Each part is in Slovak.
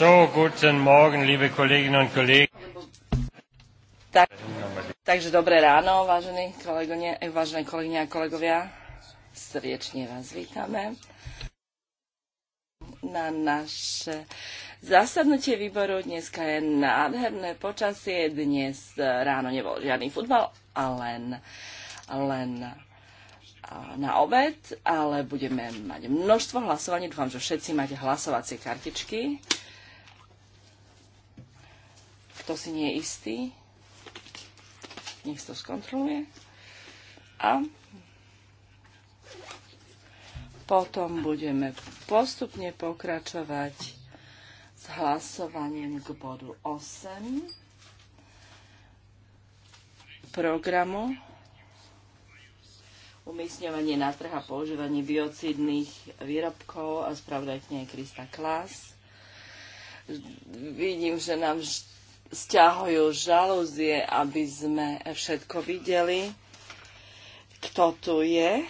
So, guten Morgen, liebe Kolleginnen und Kollegen. Tak, takže dobré ráno, vážení kolegovia, eh, vážené kolegyne a kolegovia. Srdečne vás vítame na naše zasadnutie výboru. Dneska je nádherné počasie. Dnes ráno nebol žiadny futbal, ale len, len na obed, ale budeme mať množstvo hlasovaní. Dúfam, že všetci máte hlasovacie kartičky to si nie je istý, nech to skontroluje. A potom budeme postupne pokračovať s hlasovaním k bodu 8 programu umiestňovanie na trh a používanie biocidných výrobkov a spravodajkne je Krista Klas. Vidím, že nám stiahujú žalúzie, aby sme všetko videli, kto tu je,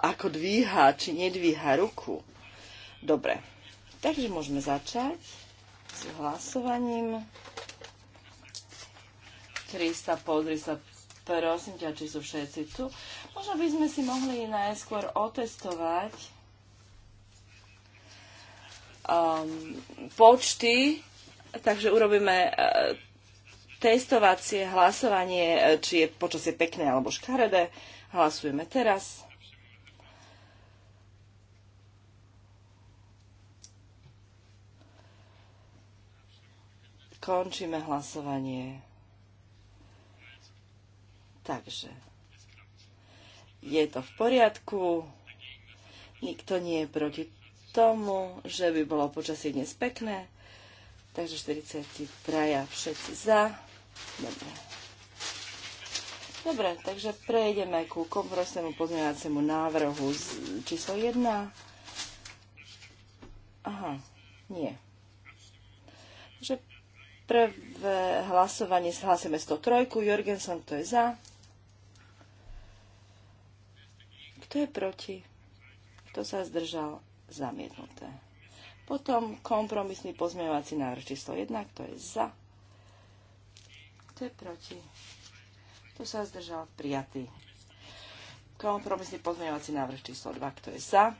ako dvíha či nedvíha ruku. Dobre, takže môžeme začať s hlasovaním. 300, pozri sa, prosím ťa, či sú všetci tu. Možno by sme si mohli najskôr otestovať um, počty Takže urobíme e, testovacie hlasovanie, e, či je počasie pekné alebo škaredé. Hlasujeme teraz. Končíme hlasovanie. Takže je to v poriadku. Nikto nie je proti tomu, že by bolo počasie dnes pekné. Takže 40 traja všetci za. Dobre. Dobre, takže prejdeme ku kompromisnému pozmeňovaciemu návrhu z číslo 1. Aha, nie. Takže prvé hlasovanie hlasujeme 103. Jorgensen, to je za. Kto je proti? Kto sa zdržal? Zamietnuté. Potom kompromisný pozmeňovací návrh číslo 1, kto je za, kto je proti, kto sa zdržal, prijatý. Kompromisný pozmeňovací návrh číslo 2, kto je za,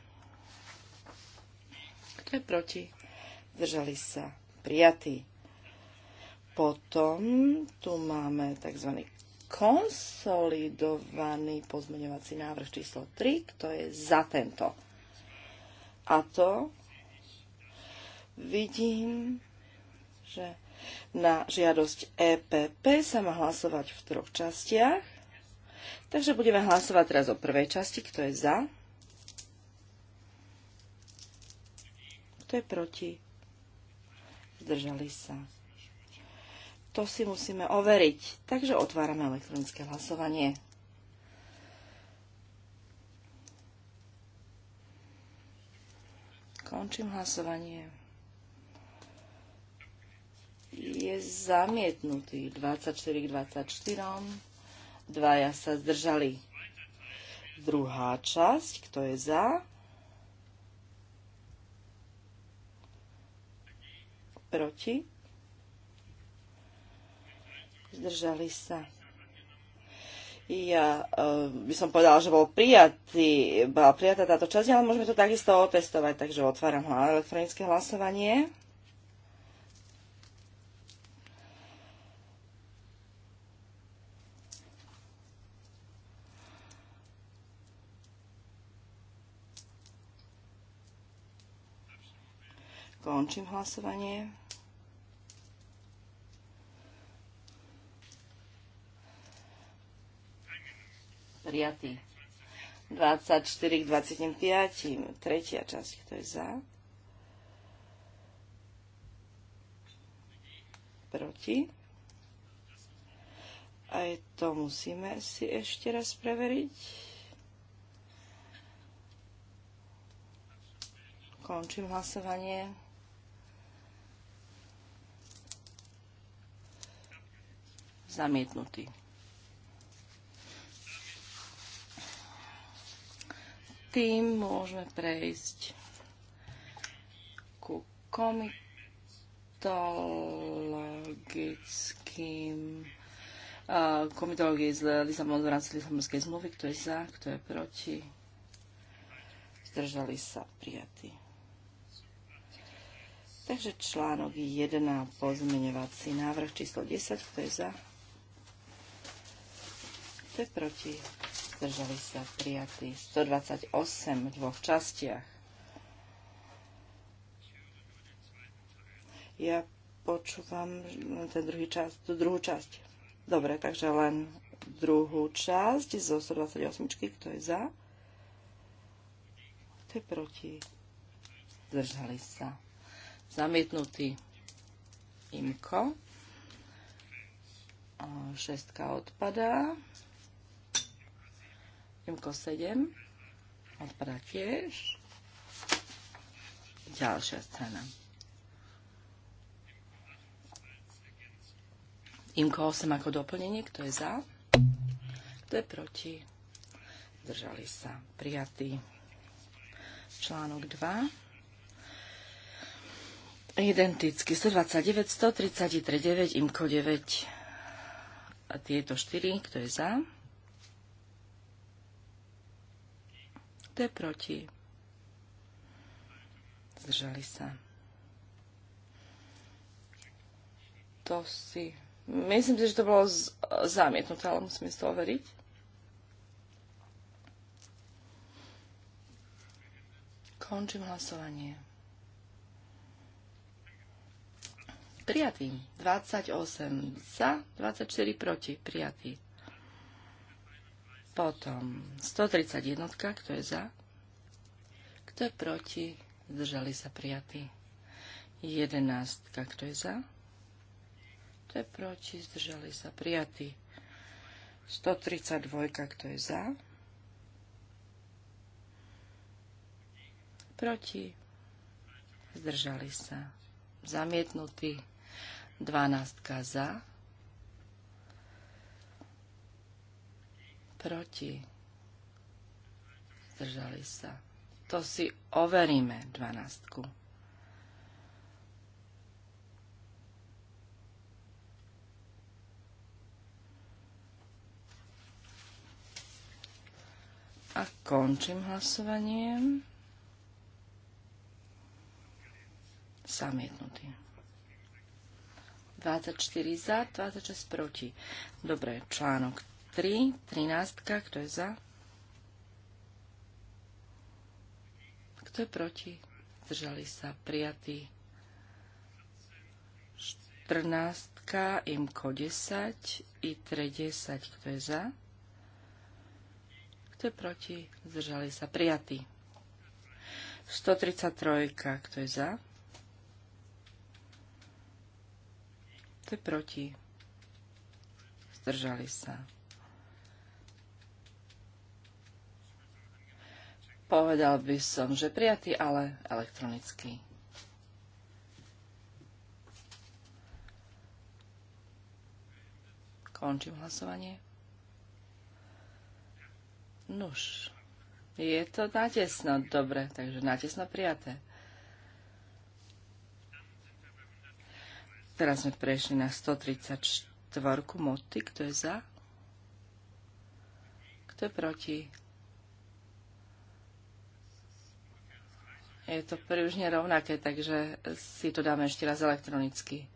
kto je proti, zdržali sa, prijatý. Potom tu máme tzv. konsolidovaný pozmeňovací návrh číslo 3, kto je za tento. A to Vidím, že na žiadosť EPP sa má hlasovať v troch častiach. Takže budeme hlasovať teraz o prvej časti, kto je za, kto je proti, zdržali sa. To si musíme overiť. Takže otvárame elektronické hlasovanie. Končím hlasovanie je zamietnutý 24 k 24. Dvaja sa zdržali. Druhá časť, kto je za? Proti? Zdržali sa. Ja uh, by som povedala, že bol prijatý, bola prijatá táto časť, ale môžeme to takisto otestovať, takže otváram elektronické hlasovanie. Končím hlasovanie. Prijatý. 24 k 25. Tretia časť. Kto je za? Proti. Aj to musíme si ešte raz preveriť. Končím hlasovanie. zamietnutý. Tým môžeme prejsť ku komitologickým komitológie z Lisabon, v rámci Lisabonskej zmluvy, kto je za, kto je proti. Zdržali sa prijatí. Takže článok 1, pozmeňovací návrh číslo 10, kto je za, kto je proti? Zdržali sa prijatí. 128 v dvoch častiach. Ja počúvam ten druhý čas, tú druhú časť. Dobre, takže len druhú časť zo 128. Kto je za? Kto je proti? Zdržali sa. Zamietnutý imko. Šestka odpadá. Imko 7 odpadá tiež. Ďalšia scéna. Imko 8 ako doplnenie, kto je za, kto je proti. Držali sa. Prijatý článok 2. Identicky 129, 133, 9, IMKO 9 a tieto 4, kto je za, Kto je proti? Zdržali sa. To si... Myslím si, že to bolo z- zamietnuté, ale musíme si to overiť. Končím hlasovanie. Prijatý. 28 za, 24 proti. Prijatý. Potom 131, kto je za? Kto je proti? Zdržali sa prijatí. 11, kto je za? Kto je proti? Zdržali sa prijatí. 132, kto je za? Proti? Zdržali sa. Zamietnutý. 12 za Proti. Zdržali sa. To si overíme, dvanástku. A končím hlasovaniem. Samietnutý. 24 za, 26 proti. Dobre, článok 3, 13, kto je za? Kto je proti? Zdržali sa prijatí. 14, imko 10, i 30, kto je za? Kto je proti? Zdržali sa prijatí. 133, kto je za? Kto je proti? Zdržali sa. Povedal by som, že prijatý, ale elektronický. Končím hlasovanie. Nuž. Je to natesno. Dobre, takže natesno prijaté. Teraz sme prešli na 134 moty. Kto je za? Kto je proti? je to približne rovnaké, takže si to dáme ešte raz elektronicky.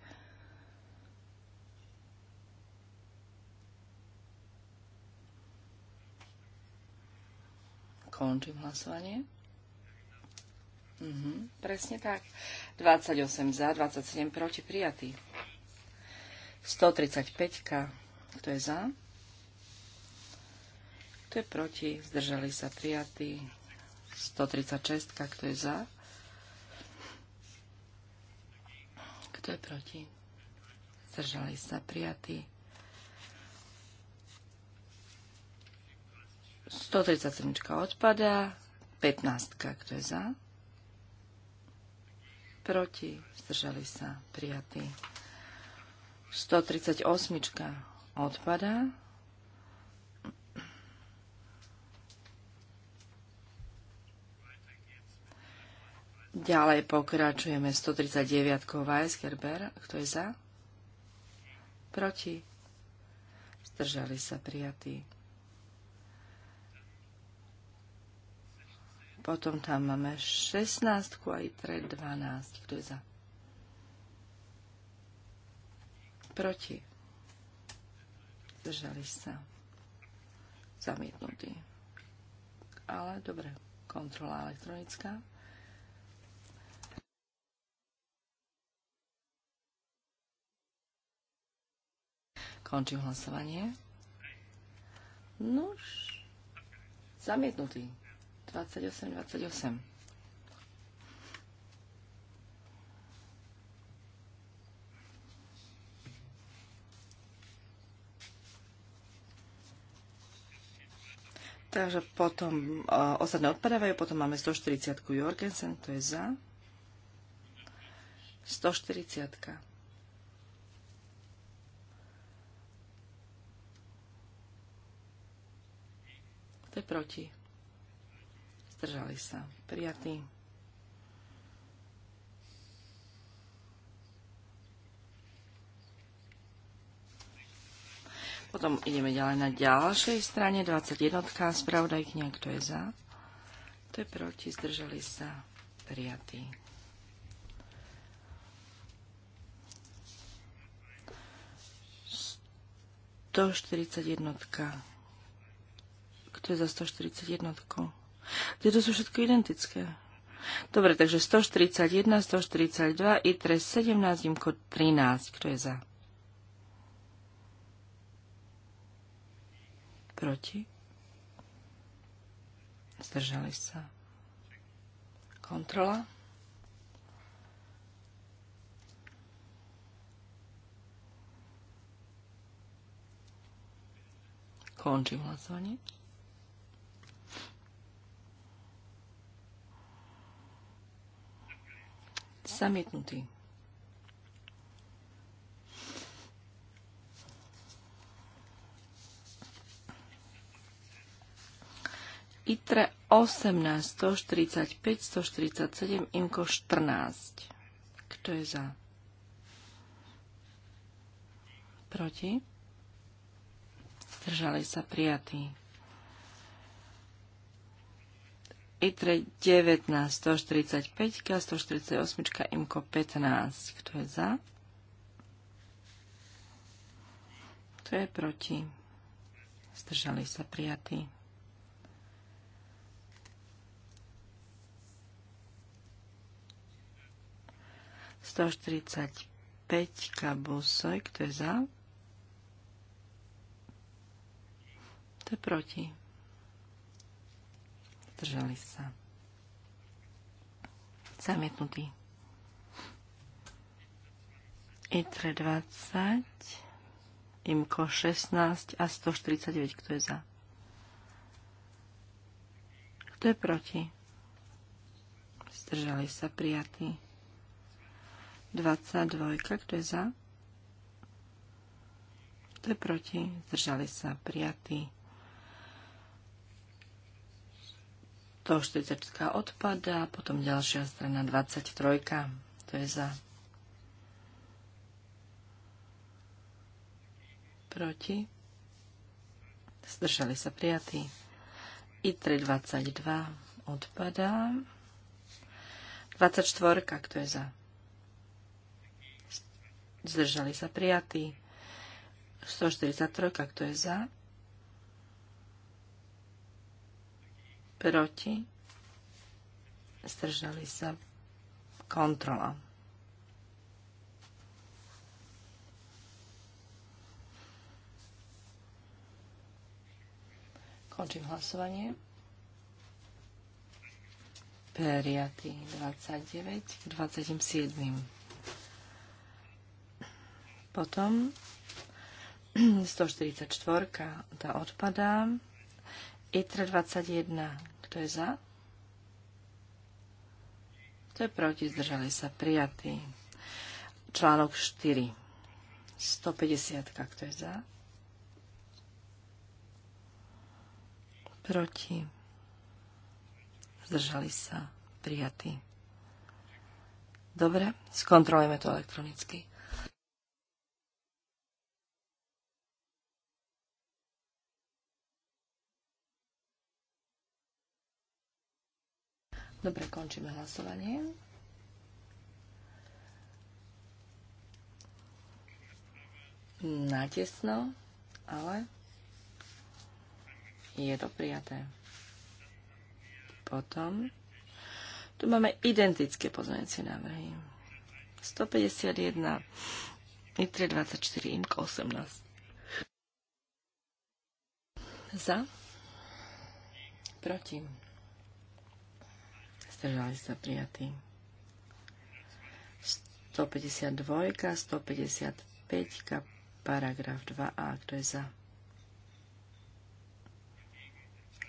Končím hlasovanie. Mhm, presne tak. 28 za, 27 proti, prijatý. 135. Kto je za? Kto je proti? Zdržali sa prijatý. 136, kto je za? Kto je proti? Zdržali sa prijatí. 137 odpadá. 15, kto je za? Proti? Zdržali sa prijatí. 138 odpadá. Ďalej pokračujeme 139 Weisgerber. Kto je za? Proti? Zdržali sa prijatí. Potom tam máme 16 aj pre 12. Kto je za? Proti? Zdržali sa. Zamietnutí. Ale dobre, kontrola elektronická. Končím hlasovanie. Nož. Zamietnutý. 28, 28. Takže potom uh, e, ostatné odpadávajú, potom máme 140 Jorgensen, to je za. 140. -ka. Kto je proti? Zdržali sa. Prijatý. Potom ideme ďalej na ďalšej strane. 21. kniha, Kto je za? Kto je proti? Zdržali sa. Prijatý. To 41. To je za 141? Tieto sú všetko identické. Dobre, takže 141, 142, i trest 17, IMKO 13. Kto je za? Proti? Zdržali sa. Kontrola? Končím hlasovanie. Zamietnutý. ITRE 18, 145, 147, IMKO 14. Kto je za? Proti? Zdržali sa prijatí. ITRE 19, 145, 148, IMKO 15. Kto je za? Kto je proti? Zdržali sa prijatí. Sto štyridsať peťka busoj, kto je za? To je proti zdržali sa. Zamietnutý. ITRE 20, IMKO 16 a 149, kto je za? Kto je proti? Zdržali sa prijatí. 22, kto je za? Kto je proti? Zdržali sa prijatí. 144 odpada, potom ďalšia strana 23, to je za. Proti. Zdržali sa prijatí. ITRE 22 odpadá. 24, kto je za? Zdržali sa prijatí. 143, kto je za? proti, zdržali sa kontrola. Končím hlasovanie. Periaty 29 k 27. Potom 144 tá odpadá. ITR 21. Kto je za? Kto je proti? Zdržali sa prijatí. Článok 4. 150. Kto je za? Proti. Zdržali sa prijatí. Dobre, skontrolujeme to elektronicky. Dobre, končíme hlasovanie. Natesno, ale je to prijaté. Potom tu máme identické pozmeňujúce návrhy. 151, ITRE 24, IMK 18. Za? Proti zdržali sa prijatí. 152, 155, paragraf 2a, kto je za?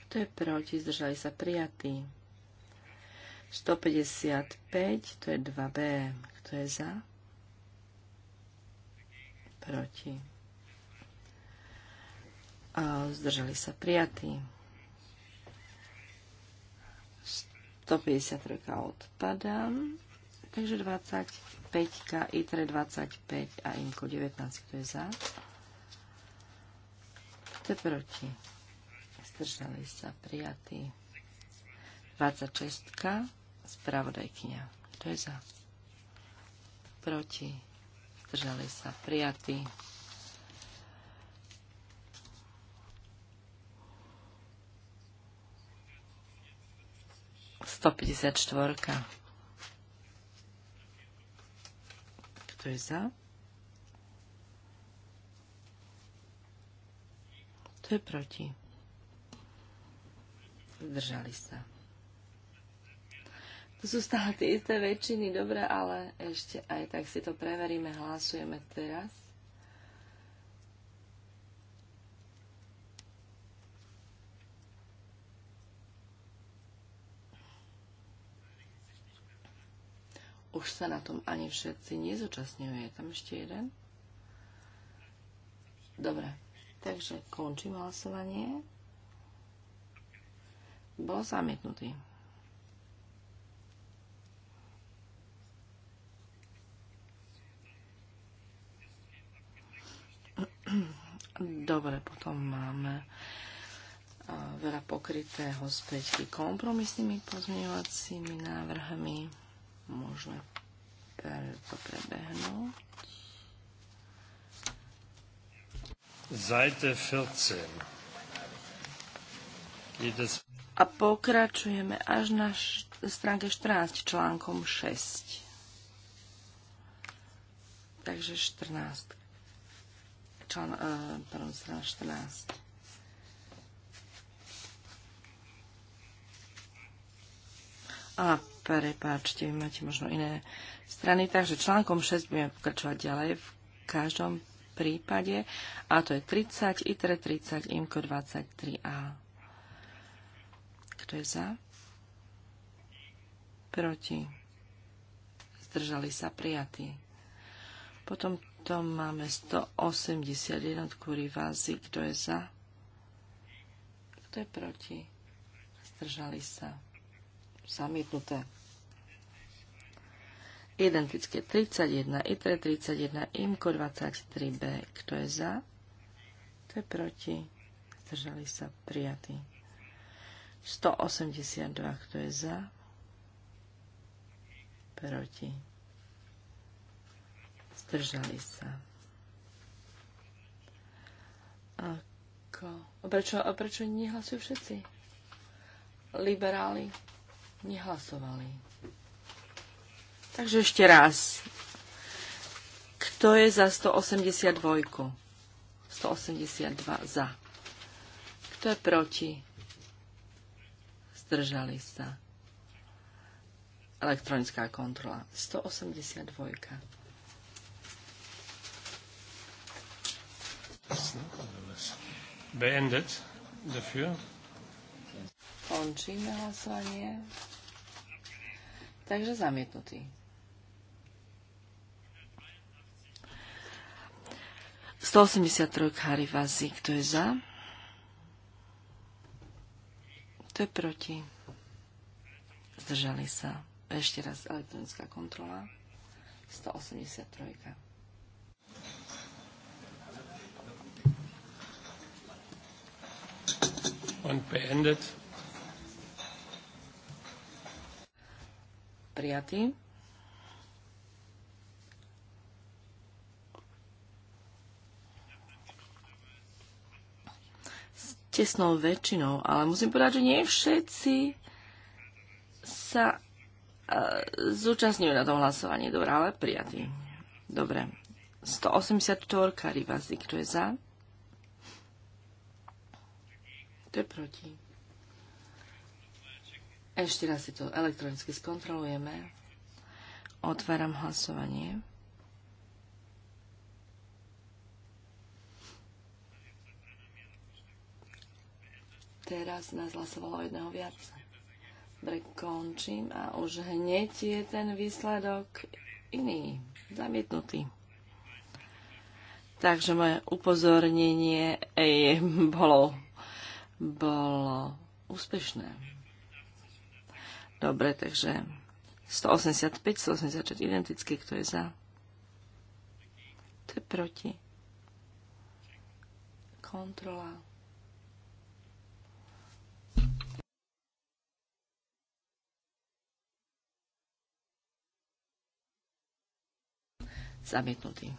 Kto je proti, zdržali sa prijatí. 155, to je 2b, kto je za? Proti. A zdržali sa prijatí. 153 odpadám, Takže 25, ITRE 25 a Inko 19, kto je za? Kto je proti? Zdržali sa prijatí. 26, spravodajkyňa. Kto je za? Proti? Zdržali sa prijatí. 154. Kto je za? Kto je proti? Zdržali sa. To sú stále tie isté väčšiny, dobre, ale ešte aj tak si to preveríme, hlasujeme teraz. už sa na tom ani všetci nezúčastňujú. Je tam ešte jeden? Dobre, takže končím hlasovanie. Bol zamietnutý. Dobre, potom máme veľa pokrytého späť kompromisnými pozmeňovacími návrhmi môžeme to prebehnúť. Zajte 14. Jedes a pokračujeme až na stránke 14 článkom 6. Takže 14. Člán, e, pardon, strana 14. A Prepáčte, vy máte možno iné strany. Takže článkom 6 budeme pokračovať ďalej v každom prípade. A to je 30, ITRE 30, IMCO 23A. Kto je za? Proti. Zdržali sa prijatí. Potom to máme 181 Rivazi. Kto je za? Kto je proti? Zdržali sa Zamietnuté. Identické 31, ITRE 31, IMKO 23B. Kto je za? Kto je proti? Zdržali sa prijatí. 182. Kto je za? Proti. Zdržali sa. Ako? A prečo, a prečo nehlasujú všetci? Liberáli nehlasovali. Takže ešte raz. Kto je za 182? 182 za. Kto je proti? Zdržali sa. Elektronická kontrola. 182. Beendet dafür. Končíme hlasovanie takže zamietnutý. 183 Harivazi, kto je za? Kto je proti? Zdržali sa. Ešte raz elektronická kontrola. 183. Und beendet. prijatý. S tesnou väčšinou, ale musím povedať, že nie všetci sa e, zúčastňujú na tom hlasovaní. Dobre, ale prijatý. Dobre. 184 Rivazi, kto je za? To je proti. Ešte raz si to elektronicky skontrolujeme. Otváram hlasovanie. Teraz nás hlasovalo jedného viac. Dobre, končím a už hneď je ten výsledok iný, zamietnutý. Takže moje upozornenie je, bolo, bolo úspešné. Dobre, takže 185, 186 identické, kto je za? To je proti? Kontrola. Zamietnutý.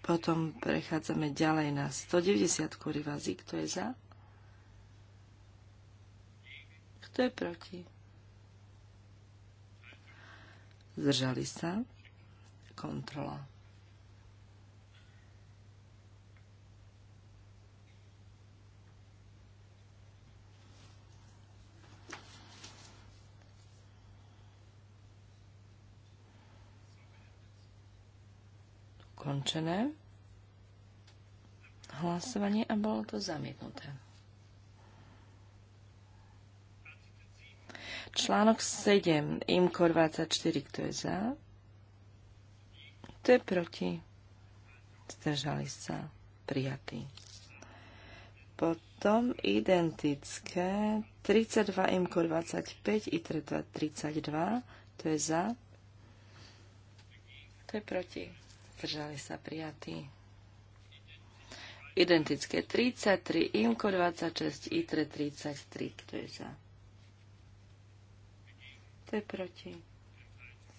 Potom prechádzame ďalej na 190 rivazy. Kto je za? Kto je proti? Zdržali sa. Kontrola. ukončené hlasovanie a bolo to zamietnuté. Článok 7, IMKO 24, kto je za? Kto je proti? Zdržali sa prijatí. Potom identické 32 IMKO 25 i 32, to je za? To je proti zdržali sa prijatí. Identické 33, IMKO 26, ITRE 33, kto je za? Kto je proti?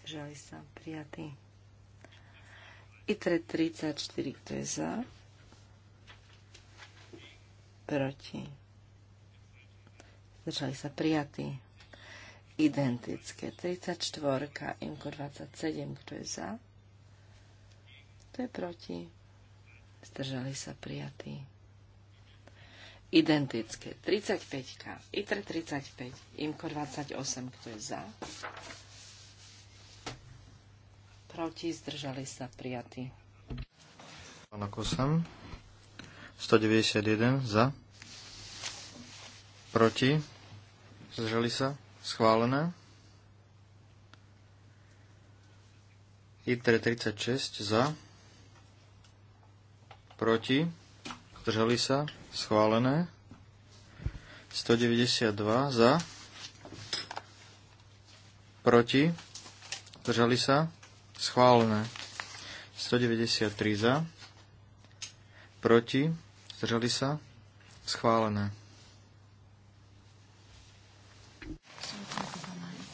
Zdržali sa prijatí. ITRE 34, kto je za? Proti. Zdržali sa prijatí identické. 34, IMKO 27, kto je za? Kto je proti? Zdržali sa prijatí. Identické. 35. ITR 35. IMKO 28. Kto je za? Proti. Zdržali sa prijatí. Pán 191. Za. Proti. Zdržali sa. Schválené. ITR 36. Za proti, zdržali sa, schválené. 192 za, proti, zdržali sa, schválené. 193 za, proti, zdržali sa, schválené.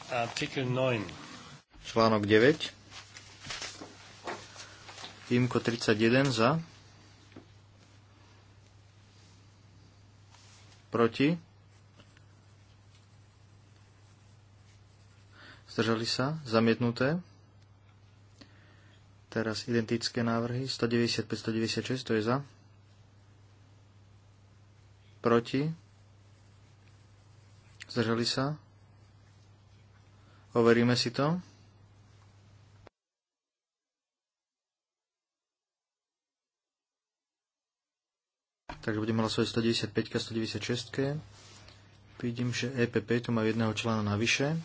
Artikel 9. Článok 9. Týmko 31 za proti, zdržali sa, zamietnuté. Teraz identické návrhy 195, 196, to je za. Proti. Zdržali sa. Overíme si to. Takže budeme hlasovať 195 a 196. Vidím, že EPP tu má jedného člena navyše.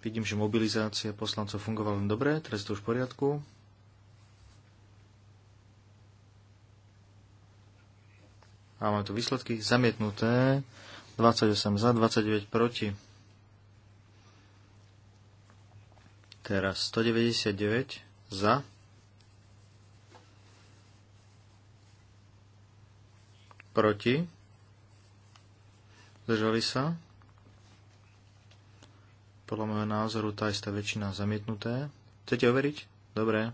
Vidím, že mobilizácia poslancov fungovala len dobre, teraz je to už v poriadku. A máme tu výsledky zamietnuté. 28 za, 29 proti. Teraz 199 za, proti, zdržali sa. Podľa môjho názoru tá istá väčšina zamietnuté. Chcete overiť? Dobre.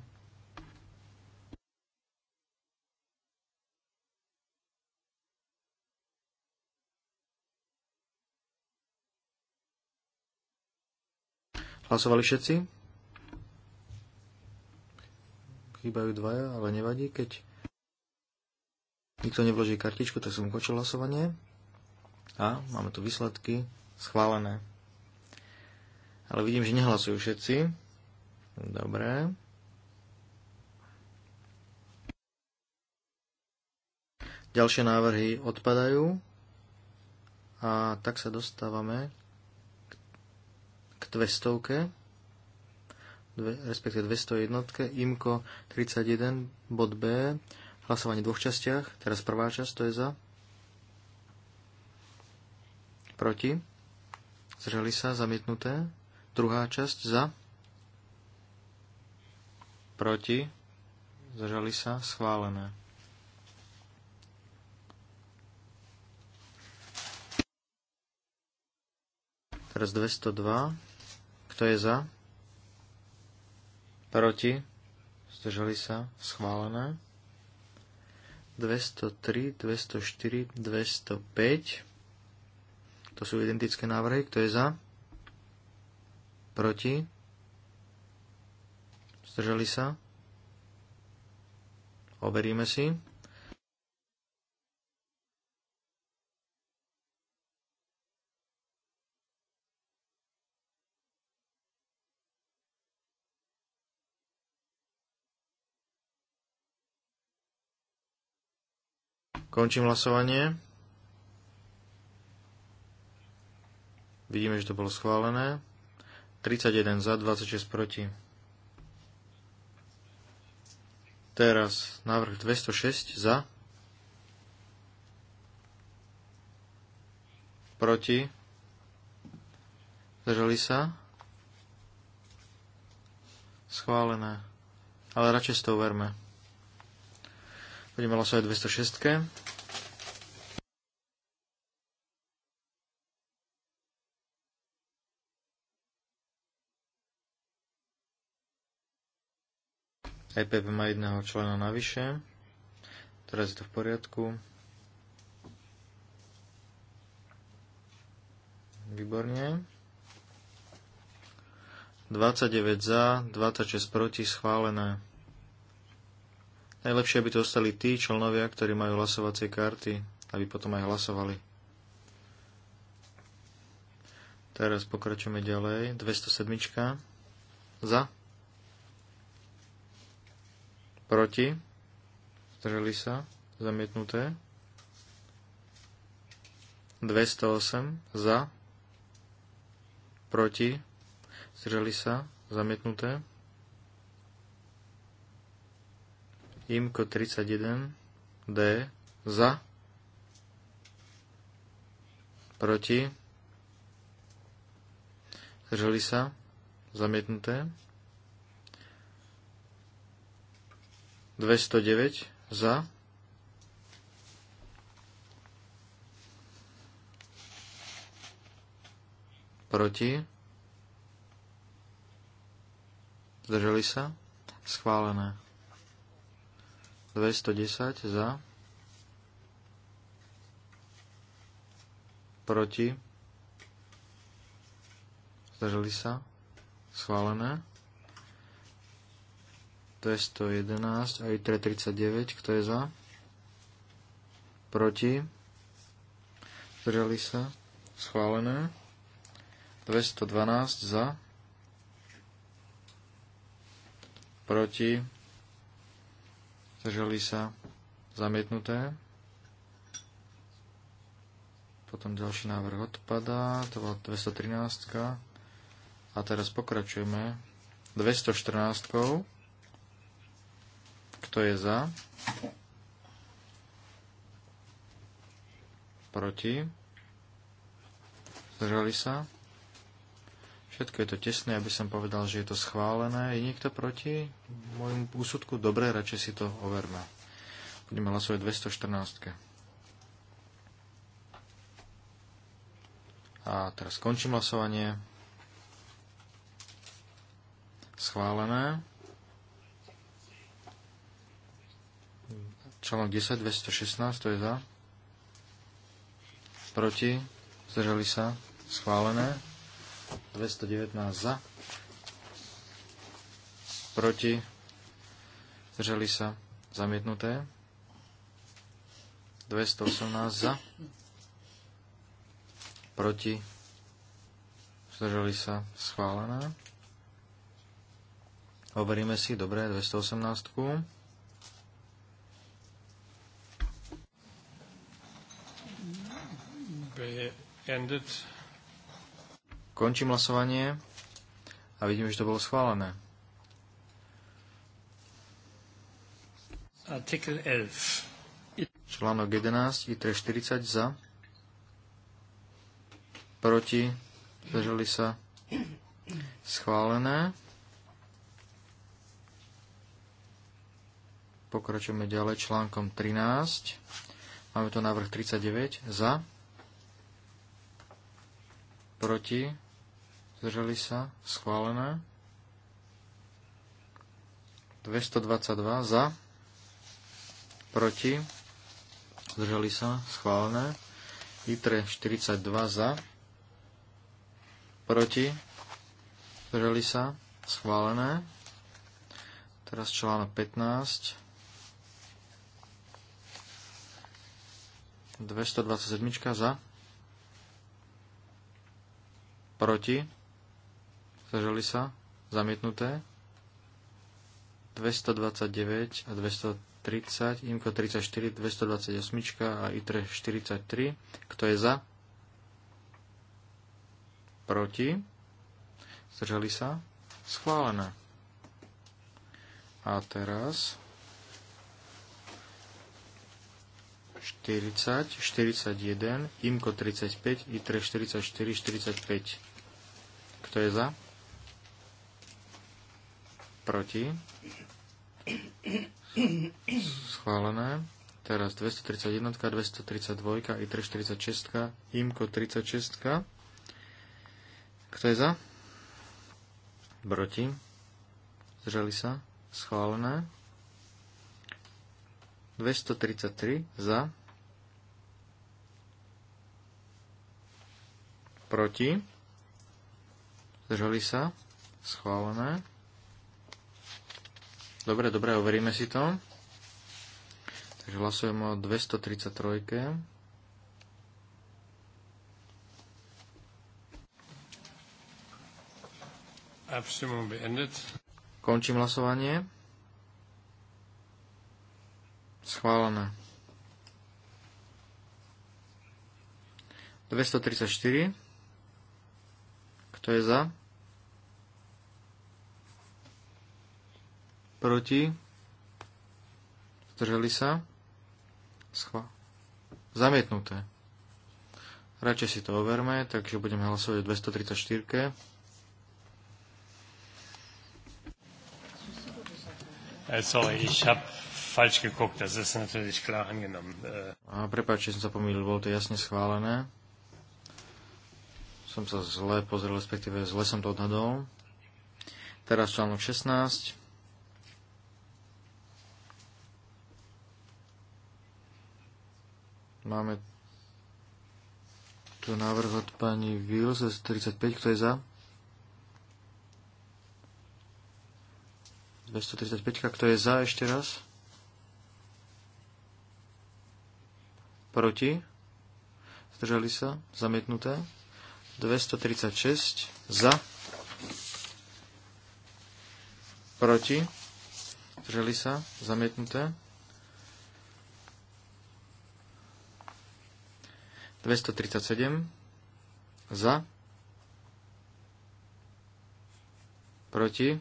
Hlasovali všetci? Chýbajú dvaja, ale nevadí, keď Nikto nevloží kartičku, tak som ukončil hlasovanie. A máme tu výsledky schválené. Ale vidím, že nehlasujú všetci. Dobre. Ďalšie návrhy odpadajú. A tak sa dostávame k 200, respektive 201, IMKO 31, bod B, Hlasovanie v dvoch častiach. Teraz prvá časť, to je za. Proti. Zdržali sa, zamietnuté. Druhá časť, za. Proti. Zdržali sa, schválené. Teraz 202. Kto je za? Proti? Zdržali sa? Schválené. 203, 204, 205. To sú identické návrhy. Kto je za? Proti? Zdržali sa? Overíme si. Končím hlasovanie. Vidíme, že to bolo schválené. 31 za, 26 proti. Teraz návrh 206 za. Proti. Zdržali sa. Schválené. Ale radšej s tou verme. Budeme hlasovať 206. EPP má jedného člena navyše. Teraz je to v poriadku. Výborne. 29 za, 26 proti, schválené. Najlepšie, aby to ostali tí členovia, ktorí majú hlasovacie karty, aby potom aj hlasovali. Teraz pokračujeme ďalej. 207. Za proti, zdržali sa, zamietnuté. 208 za, proti, zdržali sa, zamietnuté. Imko 31 D za, proti, zdržali sa, zamietnuté. 209 za. Proti. Zdržali sa. Schválené. 210 za. Proti. Zdržali sa. Schválené. 211 a ITRE 39, kto je za? Proti? Zdržali sa? Schválené. 212 za? Proti? Zdržali sa? Zamietnuté. Potom ďalší návrh odpadá, to bola 213. A teraz pokračujeme 214. Kto je za? Proti? Zdržali sa? Všetko je to tesné, aby som povedal, že je to schválené. Je niekto proti? Môjmu úsudku? Dobre, radšej si to overme. Budeme hlasovať 214. A teraz skončím hlasovanie. Schválené. Článok 10, 216, to je za. Proti. Zdržali sa. Schválené. 219 za. Proti. Zdržali sa. Zamietnuté. 218 za. Proti. Zdržali sa. Schválené. Oberíme si. Dobre, 218. Končím hlasovanie a vidím, že to bolo schválené. Artikel 11. Článok 11, ITR 40 za. Proti. Zdržali sa. Schválené. Pokračujeme ďalej článkom 13. Máme tu návrh 39 za proti, Zdrželi sa, schválené. 222 za, proti, Zdrželi sa, schválené. ITRE 42 za, proti, Zdrželi sa, schválené. Teraz článok 15. 227 za, proti, zdržali sa, zamietnuté, 229 a 230, IMKO 34, 228 a ITRE 43. Kto je za? Proti? Zdržali sa? Schválené. A teraz 40, 41, IMKO 35, ITRE 44, 45. Kto je za? Proti? Schválené. Teraz 231, 232, i 346, IMKO 36. Kto je za? Proti? Zreli sa? Schválené. 233 za. Proti? Zdržali sa? Schválené. Dobre, dobre, overíme si to. Takže hlasujeme o 233. Končím hlasovanie. Schválené. 234. Kto je za? Proti? Zdržali sa? Schva. Zamietnuté. Radšej si to overme, takže budeme hlasovať o 234. -ke. Äh, sorry, ich hab falsch geguckt, das ist natürlich klar angenommen. A äh. prepáč, som sa pomýlil, bolo to jasne schválené som sa zle pozrel, respektíve zle som to odhadol. Teraz článok 16. Máme tu návrh od pani Wills 35, kto je za? 235, kto je za ešte raz? Proti? Zdržali sa? Zamietnuté? 236 za, proti, zdrželi sa, zamietnuté. 237 za, proti,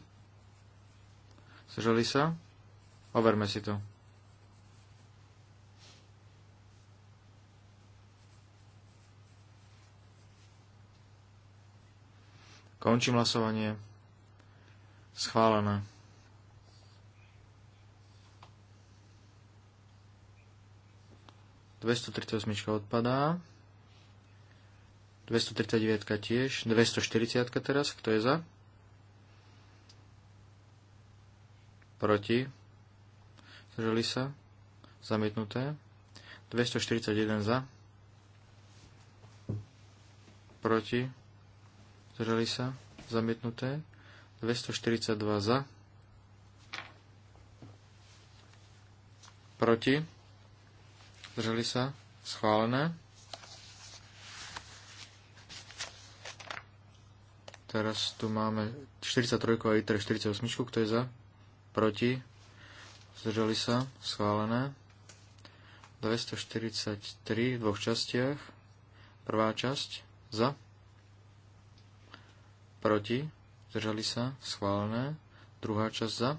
zdrželi sa, overme si to. Končím hlasovanie. Schválené. osmička odpadá. 239 tiež. 240 teraz. Kto je za? Proti. Zdržali sa. Zamietnuté. 241 za. Proti zdržali sa, zamietnuté, 242 za, proti, zdržali sa, schválené. Teraz tu máme 43 a 48, kto je za, proti, zdržali sa, schválené. 243 v dvoch častiach, prvá časť, za, proti, zdržali sa, schválené. Druhá časť za,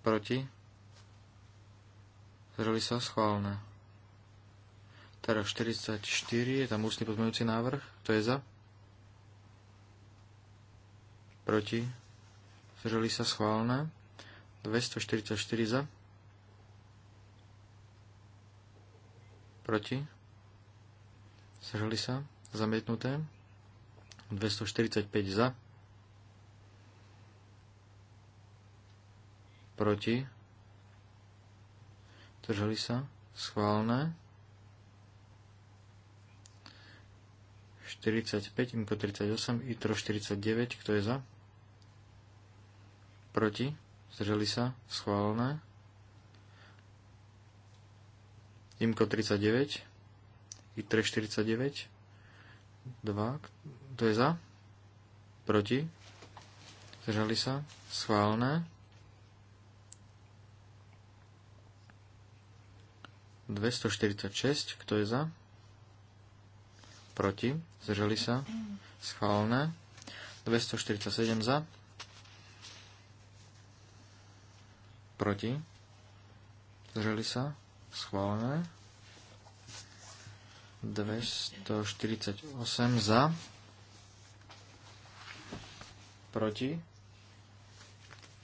proti, zdržali sa, schválené. Teraz teda 44, je tam ústny pozmeňujúci návrh, to je za, proti, zdržali sa, schválené. 244 za, proti, zdržali sa, zamietnuté. 245 za, proti, držali sa, schválne, 45, IMCO 38, ITRO 49, kto je za, proti, zdržali sa, schválené, IMKO 39, ITRE 49, 2, kto je za? Proti? Zdržali sa? Schválne. 246. Kto je za? Proti? Zdržali sa? Schválne. 247 za. Proti? Zdržali sa? Schválené. 248 za proti,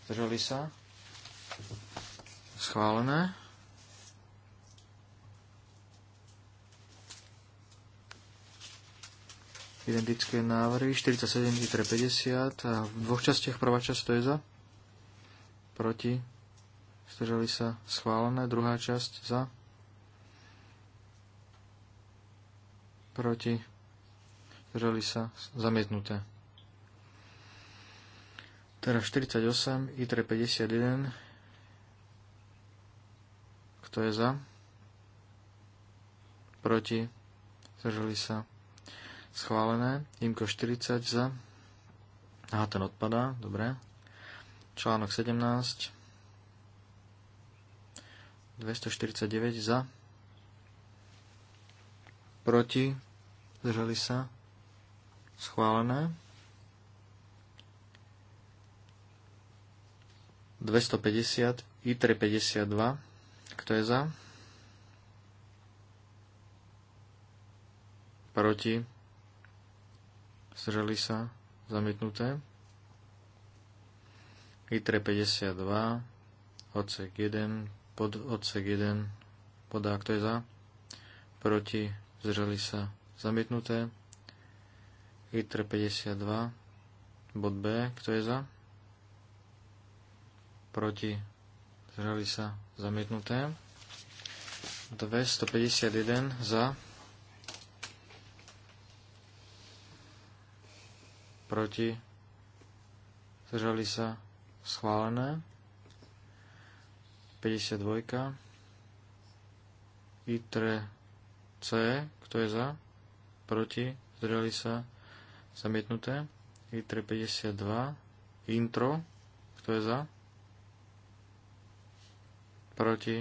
zdržali sa, schválené. Identické návrhy 47, 50 a v dvoch častiach prvá časť to je za, proti, zdržali sa, schválené, druhá časť za, proti, zdržali sa, zamietnuté. Teraz 48, ITRE 51. Kto je za? Proti? Zdržali sa? Schválené. Imko 40 za. Aha, ten odpadá. Dobre. Článok 17. 249 za. Proti? Zdržali sa? Schválené. 250, ITRE 52, kto je za? Proti? Zdržali sa? Zamietnuté? ITRE 52, odsek 1, pod odsek 1, podá, kto je za? Proti? Zdržali sa? Zamietnuté? ITRE 52, bod B, kto je za? proti, zdržali sa, zamietnuté. 251 za, proti, zhrali sa, schválené. 52 ITRE C, kto je za, proti, zhrali sa, zamietnuté. ITRE 52 INTRO, kto je za, proti,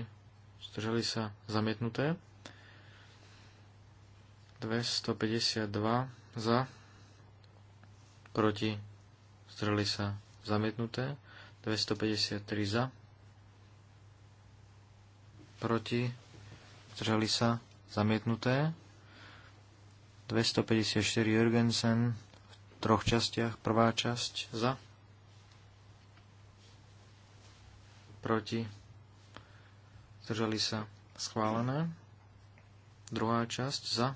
zdržali sa zamietnuté. 252 za, proti, zdržali sa zamietnuté. 253 za, proti, zdržali sa zamietnuté. 254 Jürgensen v troch častiach. Prvá časť za, proti, Zdržali sa schválené. Druhá časť za.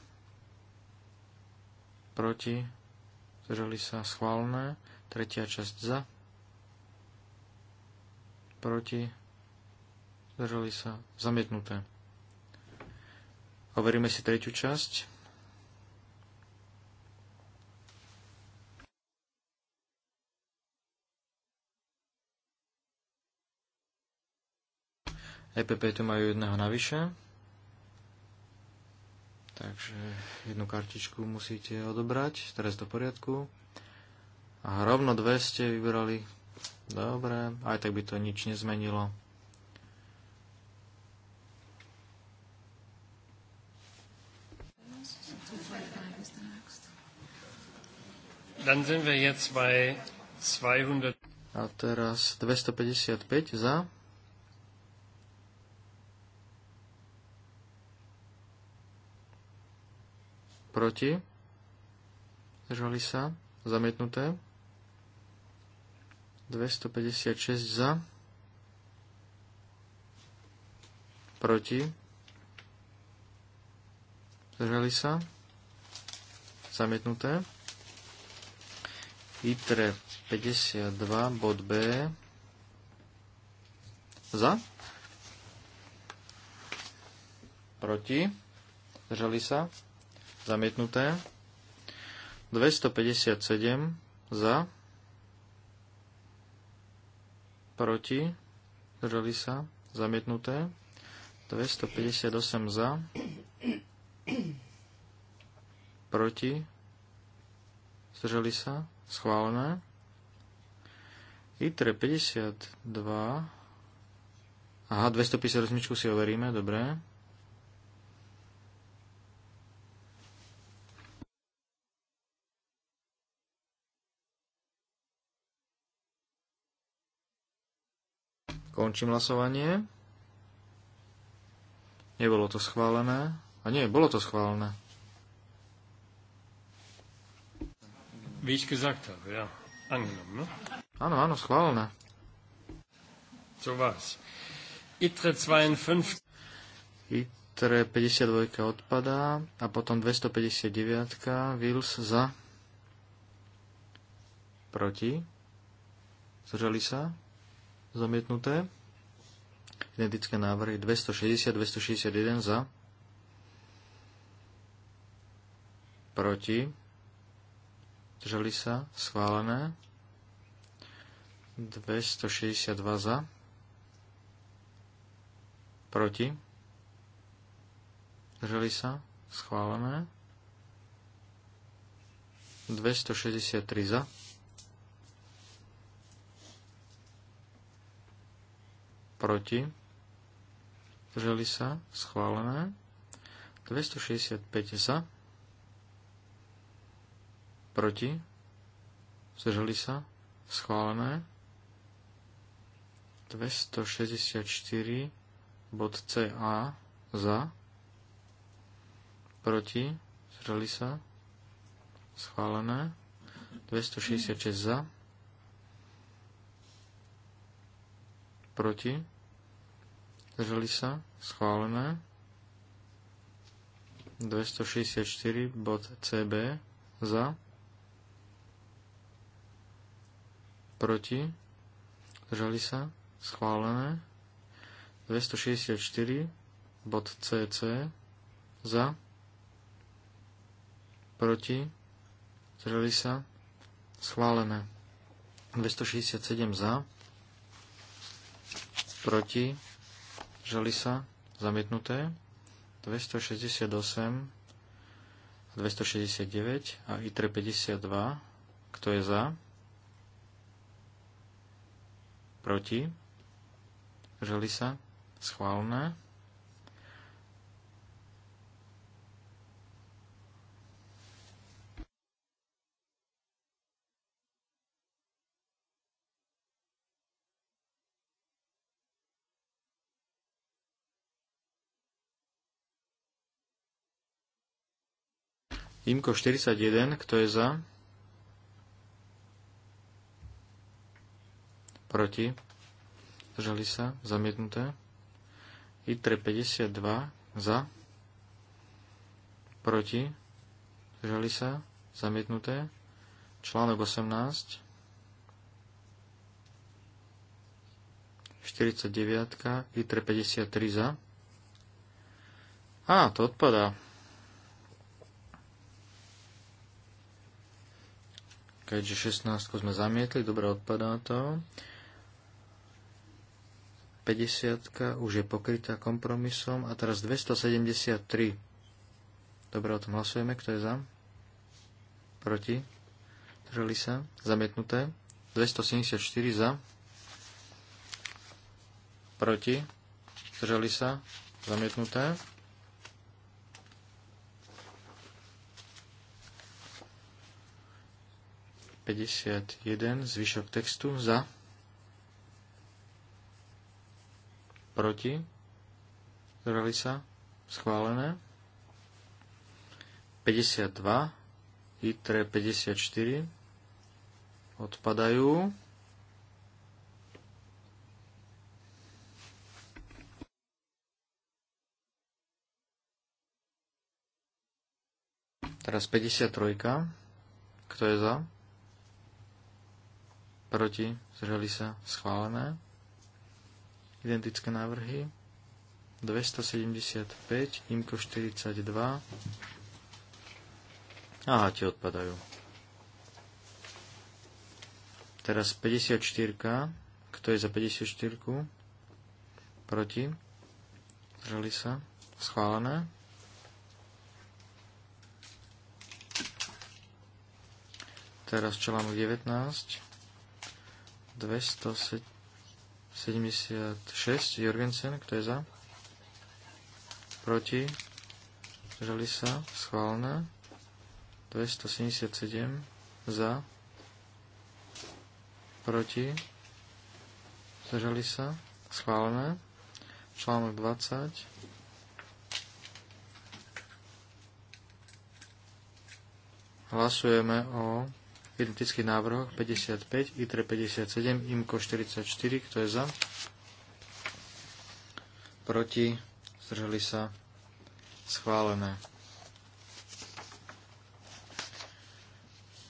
Proti. Zdržali sa schválené. Tretia časť za. Proti. Zdržali sa zamietnuté. Overíme si tretiu časť. EPP tu majú jedného navyše. Takže jednu kartičku musíte odobrať. Teraz do poriadku. A rovno dve ste vybrali. Dobre, aj tak by to nič nezmenilo. Dann sind wir jetzt bei 200. A teraz 255 za. proti, zdržali sa, zamietnuté, 256 za, proti, zdržali sa, zamietnuté, ITRE 52 bod B za, proti, zdržali sa, zamietnuté. 257 za, proti, zdržali sa, zamietnuté. 258 za, proti, zdržali sa, schválené. ITRE 52, aha, 258 si overíme, dobre. Končím hlasovanie. Nebolo to schválené. A nie, bolo to schválené. Wie ich ja. Angenommen, Áno, áno, schválené. So vás? ITRE 52. ITRE 52 odpadá a potom 259. Wills za. Proti. Zdržali sa? zamietnuté. Identické návrhy 260, 261 za, proti, držali sa, schválené. 262 za, proti, držali sa, schválené. 263 za, proti, zdržali sa, schválené, 265 za, proti, zdržali sa, schválené, 264 bod CA za, proti, želi sa, schválené, 266 za, proti, Zdržali sa? Schválené. 264 bod CB za. Proti. Zdržali sa? Schválené. 264 bod CC za. Proti. Zdržali sa? Schválené. 267 za. Proti Želi sa? Zamietnuté. 268 a 269 a ITRE 52. Kto je za? Proti? Zdržali sa? Schválne. Imko 41, kto je za? Proti? Zdržali sa? Zamietnuté. ITRE 52, za? Proti? Zdržali sa? Zamietnuté. Článok 18. 49, ITRE 53 za. Á, to odpadá. Keďže 16 sme zamietli, dobre odpadá to. 50 už je pokrytá kompromisom a teraz 273. Dobre, o tom hlasujeme. Kto je za? Proti? Drželi sa? Zamietnuté. 274 za. Proti? Zdrželi sa? Zamietnuté. 51, zvyšok textu za, proti, zdržali sa, schválené. 52, ITRE 54, odpadajú. Teraz 53. Kto je za? proti, zdržali sa, schválené. Identické návrhy 275, IMKO 42. Aha, tie odpadajú. Teraz 54. Kto je za 54? Proti? Zdržali sa? Schválené. Teraz článok 19. 276 Jorgensen, kto je za? Proti? Zdržali sa? Schválne. 277 za? Proti? Zdržali sa? Schválne. Článok 20. Hlasujeme o identických návrhoch 55, ITRE 57, IMKO 44, kto je za? Proti? Zdržali sa? Schválené.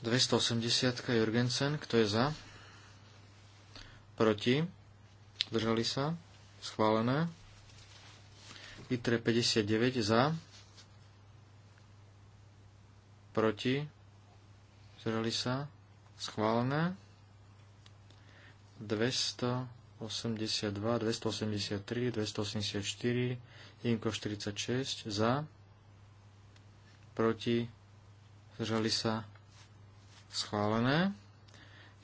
280 Jurgensen, kto je za? Proti? Zdržali sa? Schválené. ITRE 59 za? Proti? Zdržali sa? Schválené. 282, 283, 284, Inko 46 za, proti, zdržali sa, schválené.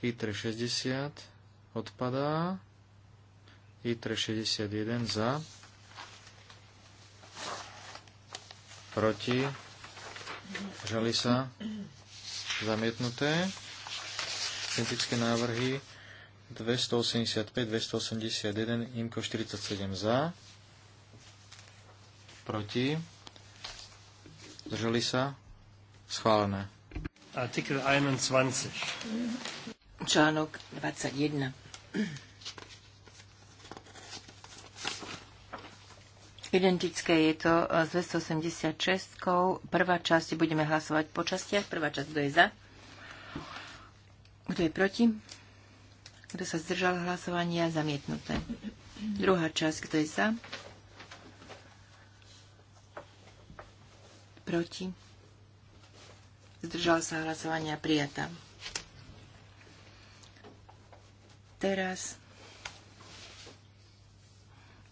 ITRE 60 odpadá. ITRE 61 za. Proti. Žali sa zamietnuté. Identické návrhy 285, 281, IMKO 47 za, proti, zdržali sa, schválené. Artikel 21. Článok 21. Identické je to s 286. Prvá časť budeme hlasovať po častiach. Prvá časť, kto je za? Kto je proti? Kto sa zdržal hlasovania? Zamietnuté. Druhá časť, kto je za? Proti? Zdržal sa hlasovania prijatá. Teraz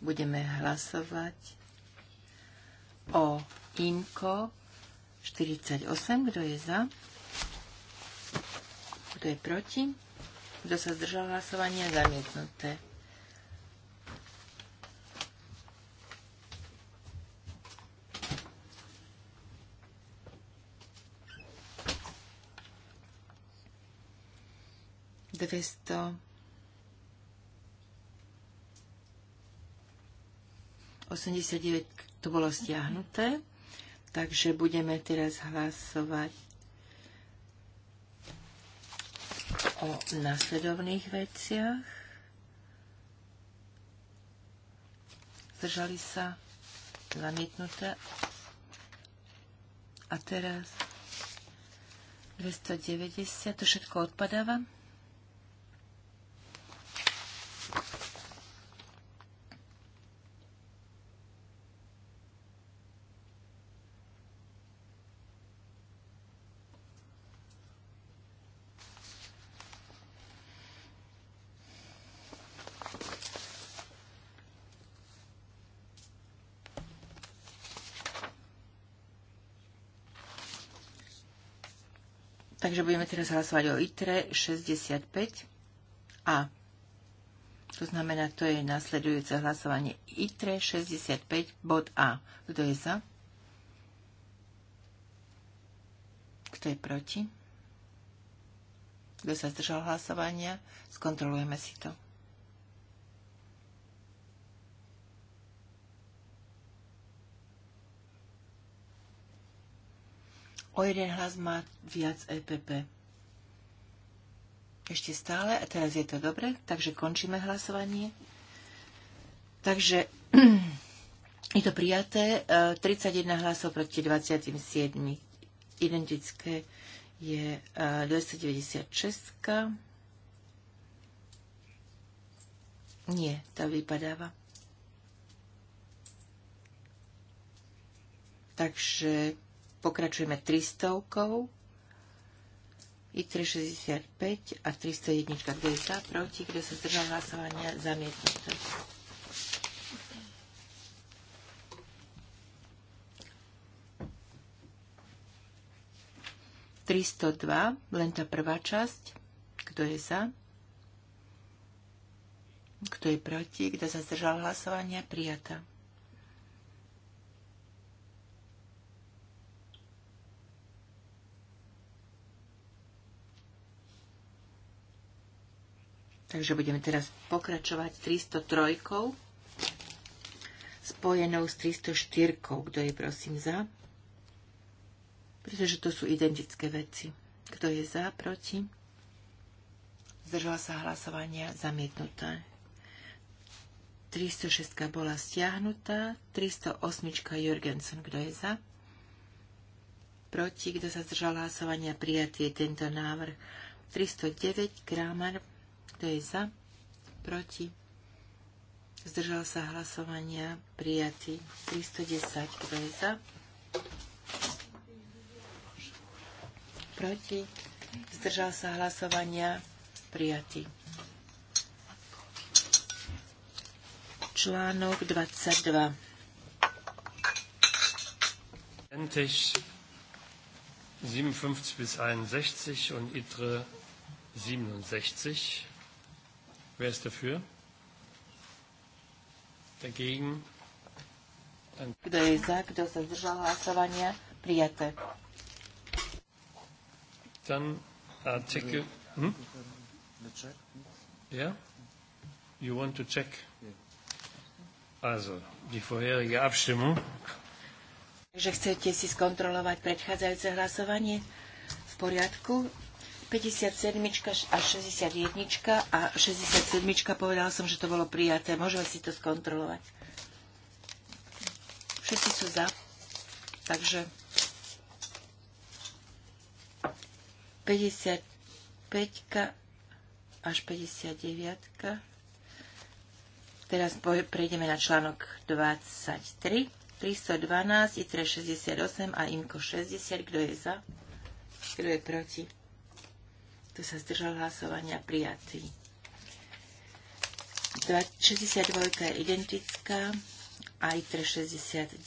budeme hlasovať o IMKO 48. Kto je za? Kto je proti? Kto sa zdržal hlasovania? Zamietnuté. Dvesto 89 to bolo stiahnuté, takže budeme teraz hlasovať o nasledovných veciach. Zdržali sa zamietnuté. A teraz 290, to všetko odpadáva. Takže budeme teraz hlasovať o ITRE 65 a to znamená, to je nasledujúce hlasovanie ITRE 65 bod A. Kto je za? Kto je proti? Kto sa zdržal hlasovania? Skontrolujeme si to. O jeden hlas má viac EPP. Ešte stále, a teraz je to dobre, takže končíme hlasovanie. Takže je to prijaté, 31 e, hlasov proti 27, identické je 296. E, Nie, tá vypadáva. Takže Pokračujeme 300. I365 a 301. Kto je za? Proti? kde sa zdržal hlasovania? Zamietnuté. Tristo dva, len tá prvá časť. Kto je za? Kto je proti? Kto sa zdržal hlasovania? Prijatá. Takže budeme teraz pokračovať 303 spojenou s 304. Kto je prosím za? Pretože to sú identické veci. Kto je za, proti? Zdržala sa hlasovania zamietnuté. 306 bola stiahnutá. 308 Jurgensen. Kto je za? Proti, kto sa zdržal hlasovania, prijatý je tento návrh. 309 Kramer kto je za? Proti? Zdržal sa hlasovania prijatý 310. Kto je za? Proti? Zdržal sa hlasovania prijatý. Článok 22. Entech 57 bis 61 und ITRE 67. Wer ist dafür? Dagegen? Kto je za, kto sa zdržal hlasovania? Prijaté. Dann Artikel... Äh, hm? Ja? You want to check? Also, die vorherige Abstimmung. Takže chcete si skontrolovať predchádzajúce hlasovanie? V poriadku. 57 a 61 a 67 povedala som, že to bolo prijaté. Môžeme si to skontrolovať. Všetci sú za. Takže 55 až 59. Teraz prejdeme na článok 23. 312, ITRE 68 a IMKO 60. Kto je za? Kto je proti? Kto sa zdržal hlasovania? Prijatý. 62 je identická. Aj 369.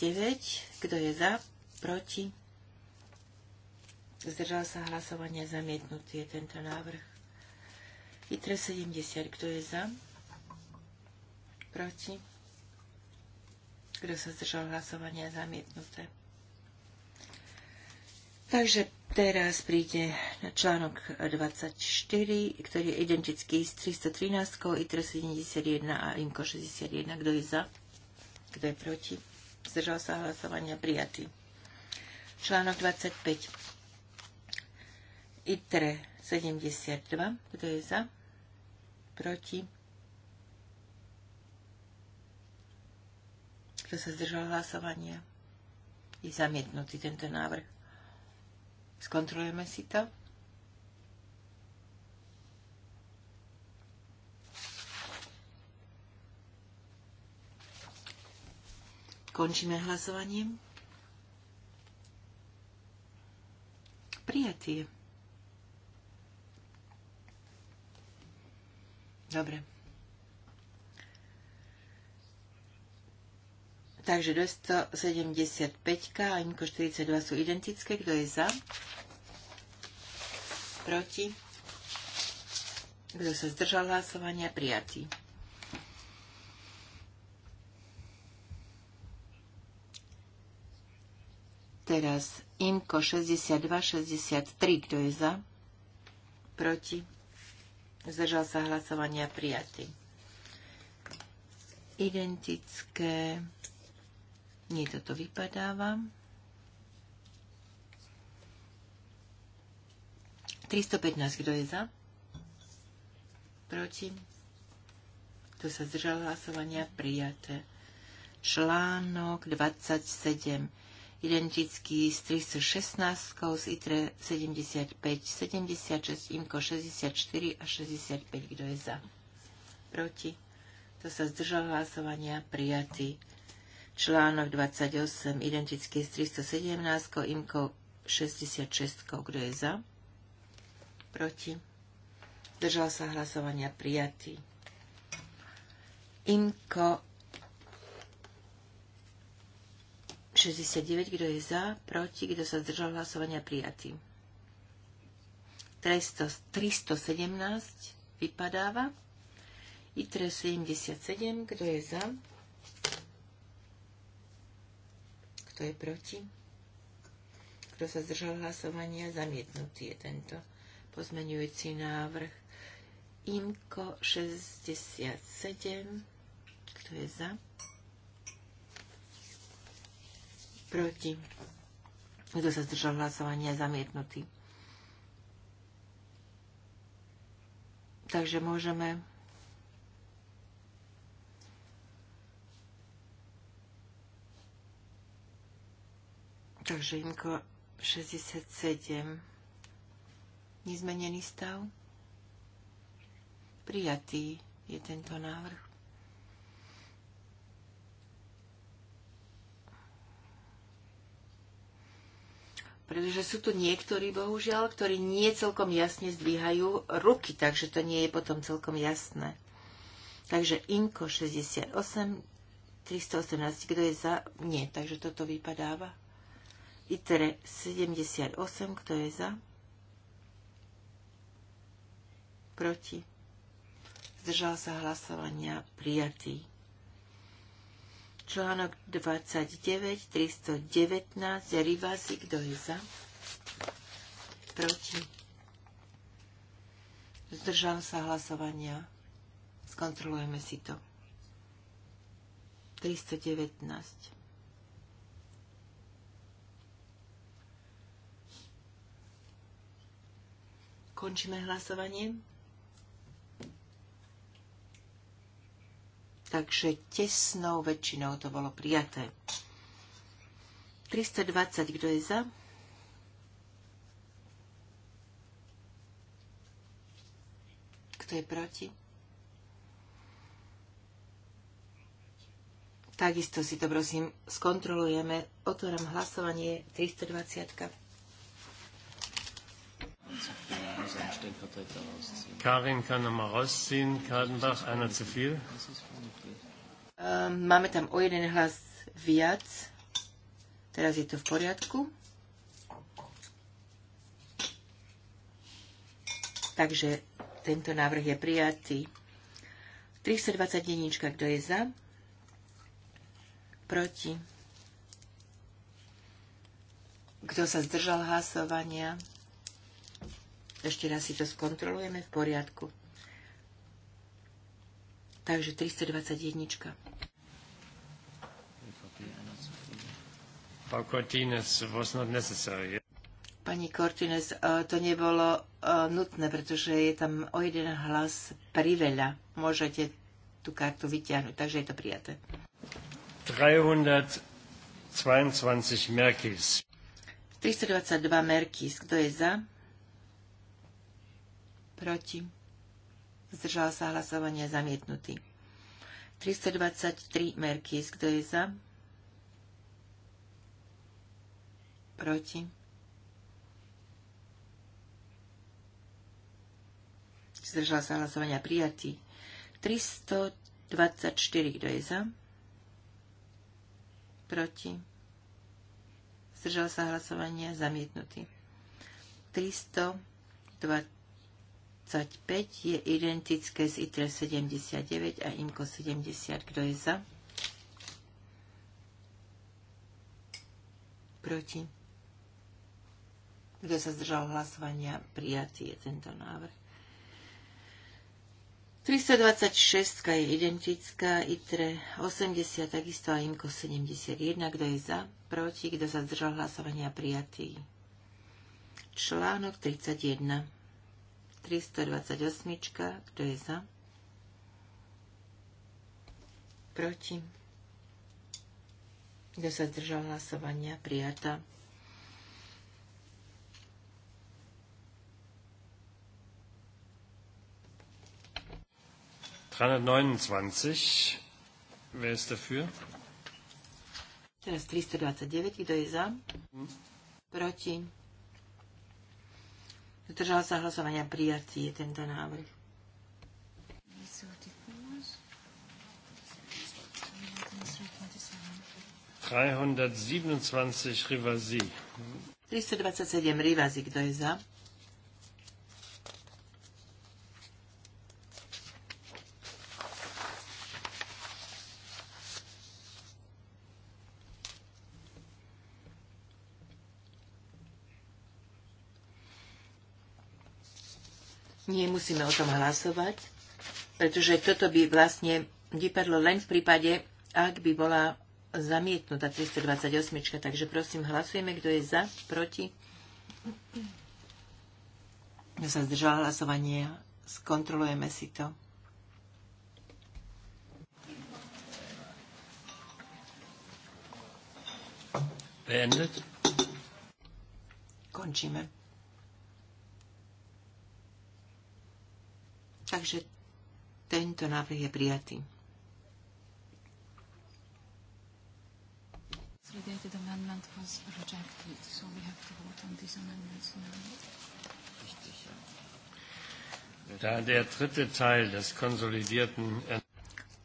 Kto je za? Proti? Zdržal sa hlasovania zamietnutý je tento návrh. ITRE 70. Kto je za? Proti? Kto sa zdržal hlasovania zamietnuté? Takže teraz príde na článok 24, ktorý je identický s 313, ITRO 71 a INKO 61. Kto je za? Kto je proti? Zdržal sa hlasovania prijatý. Článok 25. ITRE 72. Kto je za? Proti? Kto sa zdržal hlasovania? Je zamietnutý tento návrh. Skontrolujeme si to. Končíme hlasovaním. Prijatie. Dobre. Takže 275 a Inko 42 sú identické. Kto je za? Proti? Kto sa zdržal hlasovania? Prijatý. Teraz Inko 62, 63. Kto je za? Proti? Zdržal sa hlasovania prijatý. Identické nie, toto vypadáva. 315, kto je za? Proti? Kto sa zdržal hlasovania? Prijaté. Článok 27. Identický s 316, z ITRE 75, 76, IMKO 64 a 65. Kto je za? Proti? Kto sa zdržal hlasovania? Prijatý. Článok 28, identický s 317, imko 66, kto je za? Proti. Držal sa hlasovania prijatý. Imko 69, kto je za, proti, kto sa držal hlasovania prijatý. 317 vypadáva. I 77, kto je za, Kto je proti? Kto sa zdržal hlasovania? Zamietnutý je tento pozmeňujúci návrh. IMKO 67. Kto je za? Proti. Kto sa zdržal hlasovania? Zamietnutý. Takže môžeme Takže imko 67. Nezmenený stav. Prijatý je tento návrh. Pretože sú tu niektorí, bohužiaľ, ktorí nie celkom jasne zdvíhajú ruky, takže to nie je potom celkom jasné. Takže Inko 68, 318, kto je za? Nie, takže toto vypadáva. ITRE 78, kto je za? Proti? Zdržal sa hlasovania prijatý. Článok 29, 319, Rivasi, kto je za? Proti? Zdržal sa hlasovania. Skontrolujeme si to. 319. Končíme hlasovanie. Takže tesnou väčšinou to bolo prijaté. 320, kto je za? Kto je proti? Takisto si to prosím skontrolujeme. Otváram hlasovanie 320. Stellvertreter rausziehen. Karin kann nochmal rausziehen. Kadenbach, einer zu viel. Ähm, máme tam o jeden hlas viac. Teraz je to v poriadku. Takže tento návrh je prijatý. 320 jednička, kto je za? Proti? Kto sa zdržal hlasovania? Ešte raz si to skontrolujeme v poriadku. Takže 321. Pani Cortines, eh, to nebolo eh, nutné, pretože je tam o jeden hlas priveľa. Môžete tú kartu vyťahnuť, takže je to prijaté. 322 Merkis. 322 Merkis. Kto je za? proti, zdržal sa hlasovanie zamietnutý. 323 Merkis, kto je za? Proti. Zdržal sa hlasovania prijatý. 324, kto je za? Proti. Zdržal sa hlasovania zamietnutý. 320 25 je identické s ITRE 79 a IMCO 70. Kto je za? Proti? Kto sa zdržal hlasovania? Prijatý je tento návrh. 326 je identická, ITRE 80, takisto a IMCO 71. Kto je za? Proti? Kto sa zdržal hlasovania? Prijatý. Článok 31. 328. Kto je za? Proti? Kto sa zdržal hlasovania? Prijata. ...329. Wer ist dafür? Teraz 329. Kto je za? Hm. Proti? Zdržal sa hlasovania prijatí je tento návrh. Rivasi. 327 Rivasi, kto je za? nemusíme o tom hlasovať, pretože toto by vlastne vypadlo len v prípade, ak by bola zamietnutá 328. Takže prosím, hlasujeme, kto je za, proti. Kto sa zdržal hlasovanie. skontrolujeme si to. Beendet. Končíme. Takže tento návrh je prijatý.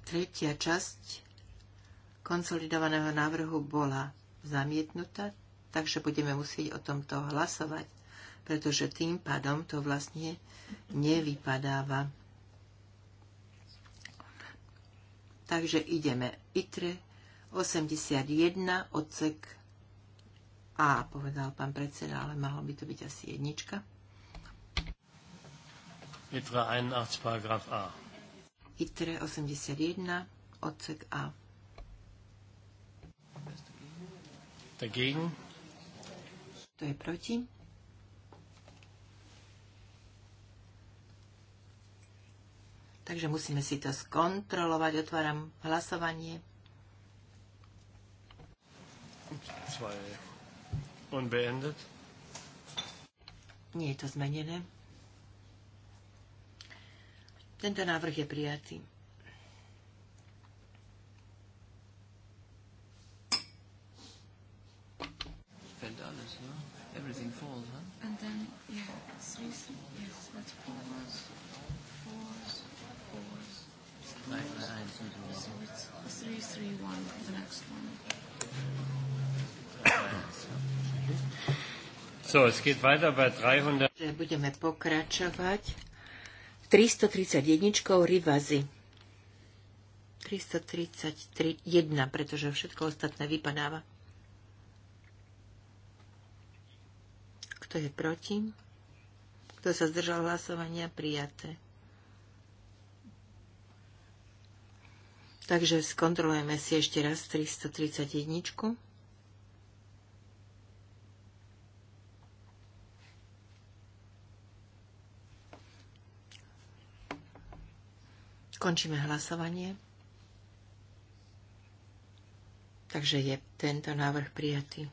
Tretia časť konsolidovaného návrhu bola zamietnutá, takže budeme musieť o tomto hlasovať pretože tým pádom to vlastne nevypadáva. Takže ideme ITRE 81 odsek A, povedal pán predseda, ale malo by to byť asi jednička. ITRE 81, paragraf A. ITRE 81, odsek A. Dagegen? To je proti. Takže musíme si to skontrolovať. Otváram hlasovanie. Nie je to zmenené. Tento návrh je prijatý. Everything falls, huh? And then, yeah, three, yes, that's four months. So, es geht weiter bei 300. Budeme pokračovať. 331 Rivazy. 331, pretože všetko ostatné vypadáva. Kto je proti? Kto sa zdržal hlasovania? Prijaté. Takže skontrolujeme si ešte raz 331. Končíme hlasovanie. Takže je tento návrh prijatý.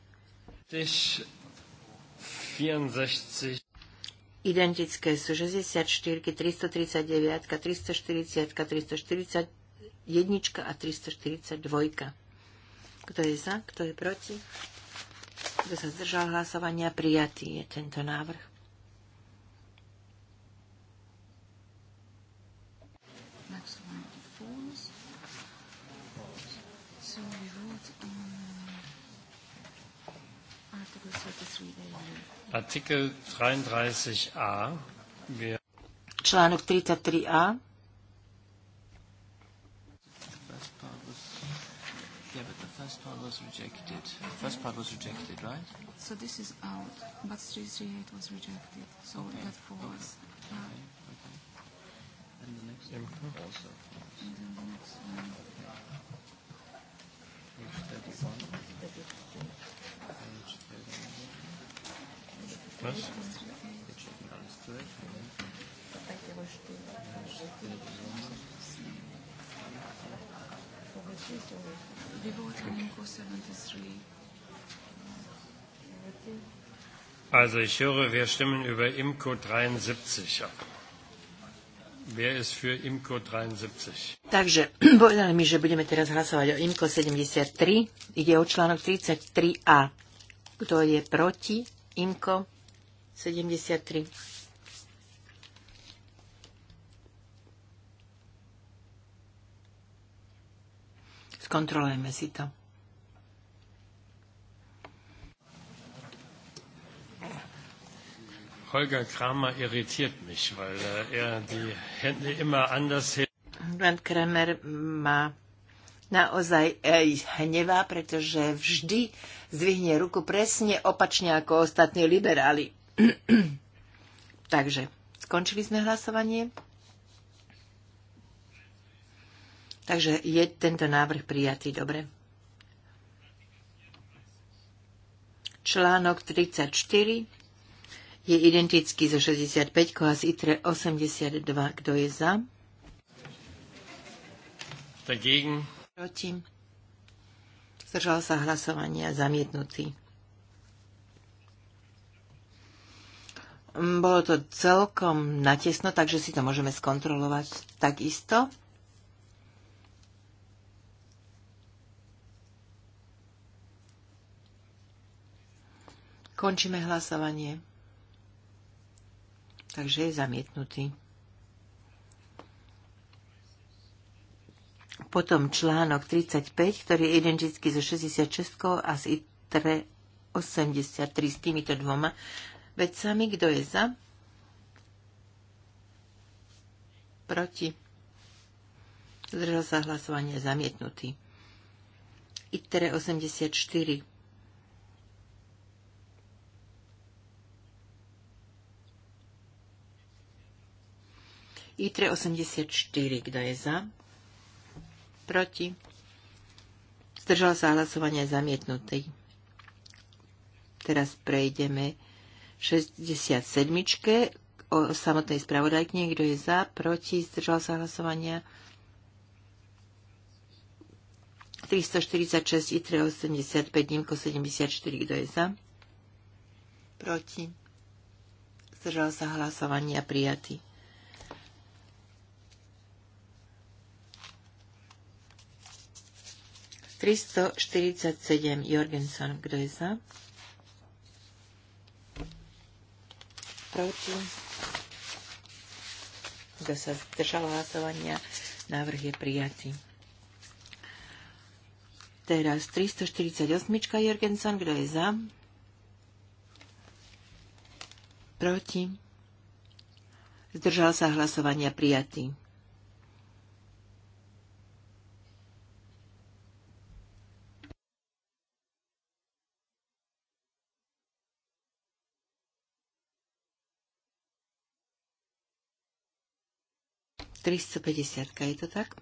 Identické sú 64, 339, 340, 341, a 342. Kto je za, kto je proti? Kto sa zdržal hlasovania, prijatý je tento návrh. Uh, Artikel a Článok 33a. first part was rejected. The first part was rejected, right? So this is out, but 338 was rejected. So okay. that falls. Okay. Uh, okay. okay. And the next one also falls. And then the next one. Page 31. Page 31. Was? Page 31. Page 31. Also ich höre, wir stimmen über Imco 73 ab. Wer ist für Imco 73? Takže povedali mi, že budeme teraz hlasovať o Imco 73. Ide o článok 33a. Kto je proti Imco 73? Skontrolujeme si to. Holger Kramer irritiert mich, weil äh, er die Hände immer anders hält. Holger Kramer ma naozaj äh, hnevá, pretože vždy zvihne ruku presne opačne ako ostatní liberáli. Takže skončili sme hlasovanie. Takže je tento návrh prijatý. Dobre. Článok 34 je identický so 65 a z ITRE 82. Kto je za? Dagegen. Proti. Zdržal sa hlasovania zamietnutý. Bolo to celkom natesno, takže si to môžeme skontrolovať takisto. Končíme hlasovanie. Takže je zamietnutý. Potom článok 35, ktorý je identický so 66 a s ITRE 83 s týmito dvoma vecami. Kto je za? Proti. Zdržal sa hlasovanie zamietnutý. ITRE 84 ITRE 84, kto je za? Proti? Zdržal sa hlasovanie zamietnutý. Teraz prejdeme 67. o samotnej spravodajkne. Kto je za? Proti? Zdržal sa hlasovania? 346 i 385, Dímko 74, kto je za? Proti. Zdržal sa hlasovania prijatý. 347 Jorgensen, kto je za? Proti? Kto sa zdržal hlasovania? Návrh je prijatý. Teraz 348 Jorgensen, kto je za? Proti? Zdržal sa hlasovania prijatý. 350, je to tak?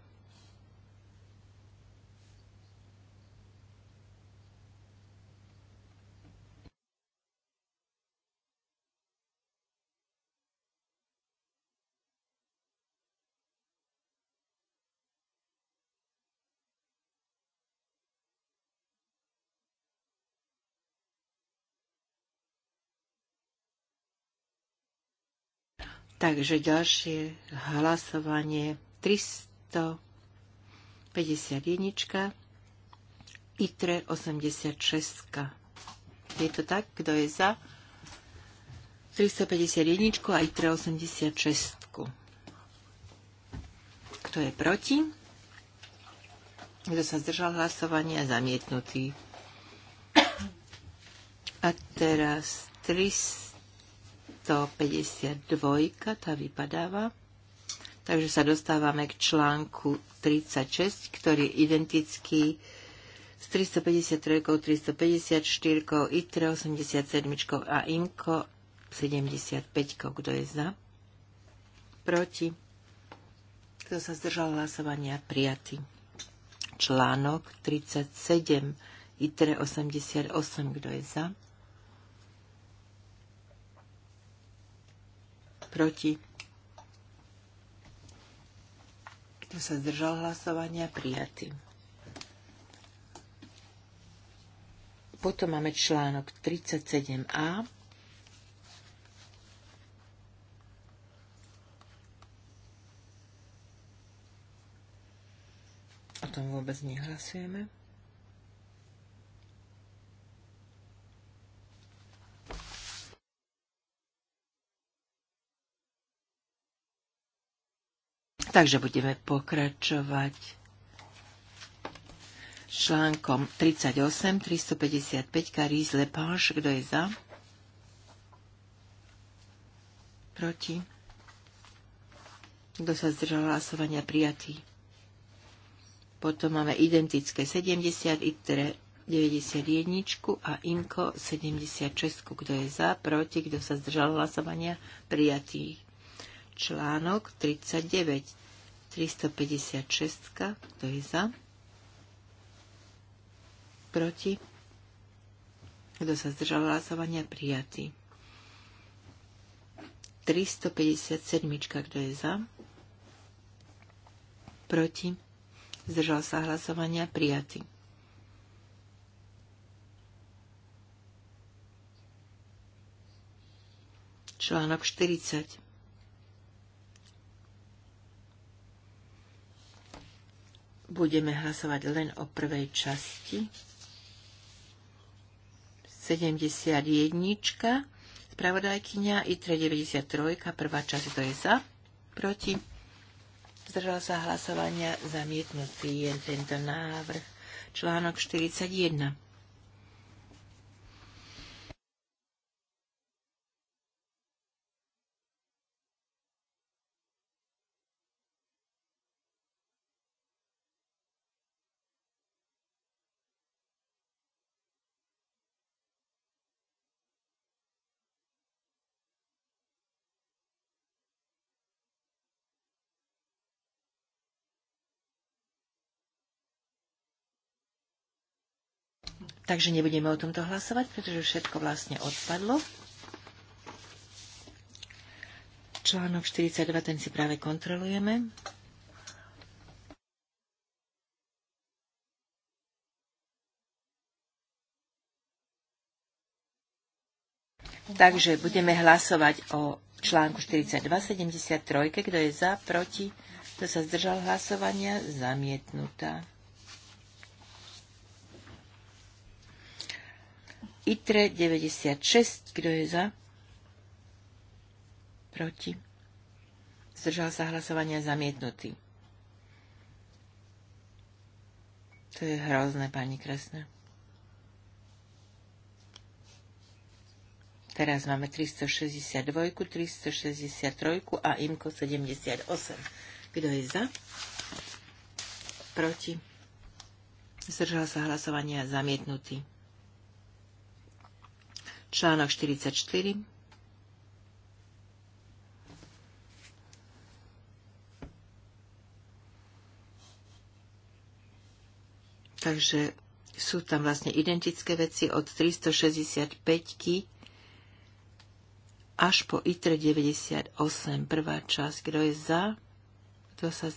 Takže ďalšie hlasovanie 351. ITRE 86. Je to tak? Kto je za? 351 a ITRE 86. Kto je proti? Kto sa zdržal hlasovania? Zamietnutý. A teraz 300 152, tá vypadáva. Takže sa dostávame k článku 36, ktorý je identický s 353, 354, ITRE 87 a IMKO 75. Kto je za? Proti? Kto sa zdržal hlasovania? Prijatý. Článok 37, ITRE 88. Kto je za? proti. Kto sa zdržal hlasovania? Prijatý. Potom máme článok 37a. O tom vôbec nehlasujeme. Takže budeme pokračovať článkom 38, 355, Caris Lepage, kto je za? Proti? Kto sa zdržal hlasovania prijatý? Potom máme identické 70, ITRE 91 a inko 76. Kto je za, proti, kto sa zdržal hlasovania, prijatý článok 39. 356. Kto je za? Proti? Kto sa zdržal hlasovania? Prijatý. 357. Kto je za? Proti? Zdržal sa hlasovania? Prijatý. 40. Článok 40. Budeme hlasovať len o prvej časti. 71. Spravodajkynia i 93. Prvá časť, to je za. Proti. Zdržal sa hlasovania. Zamietnutý je tento návrh. Článok 41. Takže nebudeme o tomto hlasovať, pretože všetko vlastne odpadlo. Článok 42, ten si práve kontrolujeme. Takže budeme hlasovať o článku 42, 73. Kto je za, proti, kto sa zdržal hlasovania, zamietnutá. ITRE 96. Kto je za? Proti. Zdržal sa hlasovania zamietnutý. To je hrozné, pani kresné. Teraz máme 362, 363 a IMKO 78. Kto je za? Proti. Zdržal sa hlasovania zamietnutý. Článok 44. Takže sú tam vlastne identické veci od 365 až po ITRE 98, prvá časť. Kto je za? Kto, sa,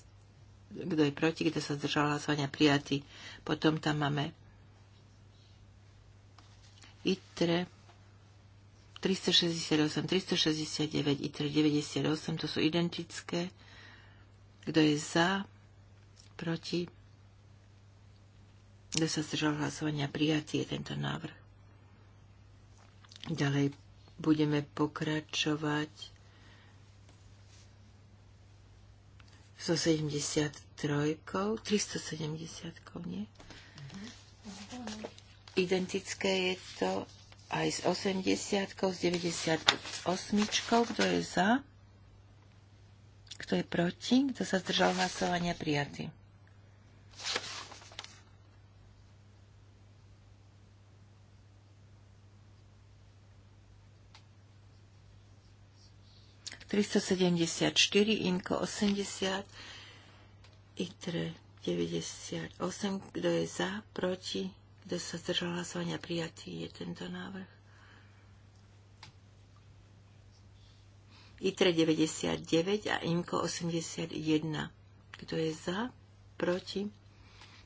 kto je proti? Kto sa zdržal hlasovania? Prijatý. Potom tam máme ITRE 368, 369 i 398, to sú identické. Kto je za, proti? Kto sa zdržal hlasovania, prijatý je tento návrh. Ďalej budeme pokračovať so 73, 370, nie? Mhm. Identické je to aj s 80, s 98, kto je za, kto je proti, kto sa zdržal hlasovania prijatý. ...374, Inko 80, ITRE 98, kto je za, proti, kde sa zdržal hlasovania? Prijatý je tento návrh. ITRE 99 a IMKO 81. Kto je za? Proti?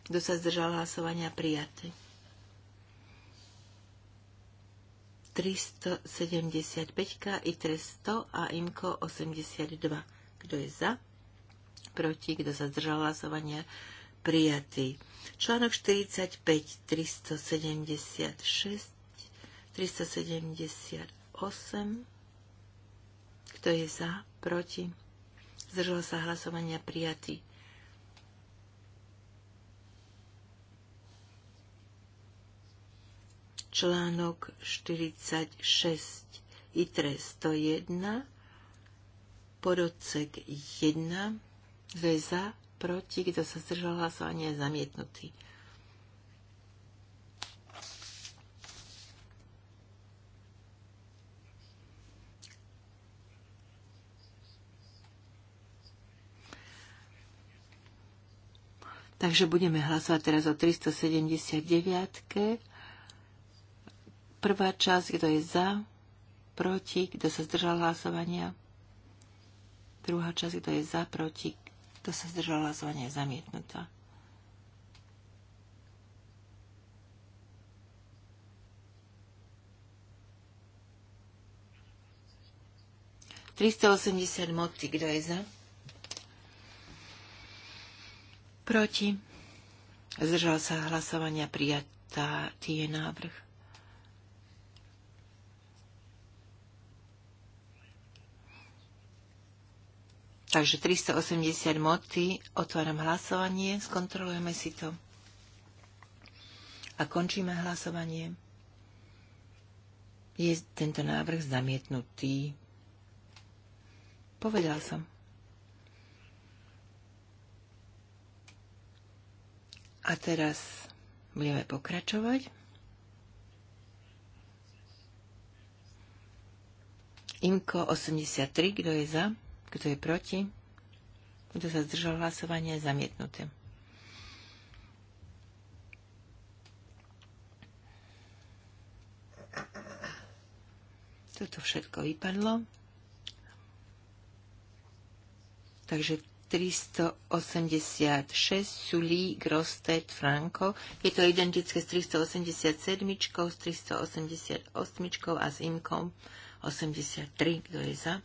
Kto sa zdržal hlasovania? Prijatý. 375, ITRE 100 a IMKO 82. Kto je za? Proti? Kto sa zdržal hlasovania? Prijatý prijatý. Článok 45, 376, 378. Kto je za? Proti? Zdržal sa hlasovania prijatý. Článok 46, ITRE 101, podocek 1, kto je za? proti, kto sa zdržal hlasovania, je zamietnutý. Takže budeme hlasovať teraz o 379. -ke. Prvá časť, kto je za, proti, kto sa zdržal hlasovania. Druhá časť, kto je za, proti, kto sa zdržala zvanie Zamietnutá. osemdesiat moci. Kto je za? Proti. Zdržal sa hlasovania prijatá tie návrh. Takže 380 moty, otváram hlasovanie, skontrolujeme si to. A končíme hlasovanie. Je tento návrh zamietnutý. Povedal som. A teraz budeme pokračovať. Imko 83, kto je za? Kto je proti? Kto sa zdržal hlasovania? Zamietnuté. Toto všetko vypadlo. Takže 386 Sully Grostet, Franco. Je to identické s 387, s 388 a s IMKom 83. Kto je za?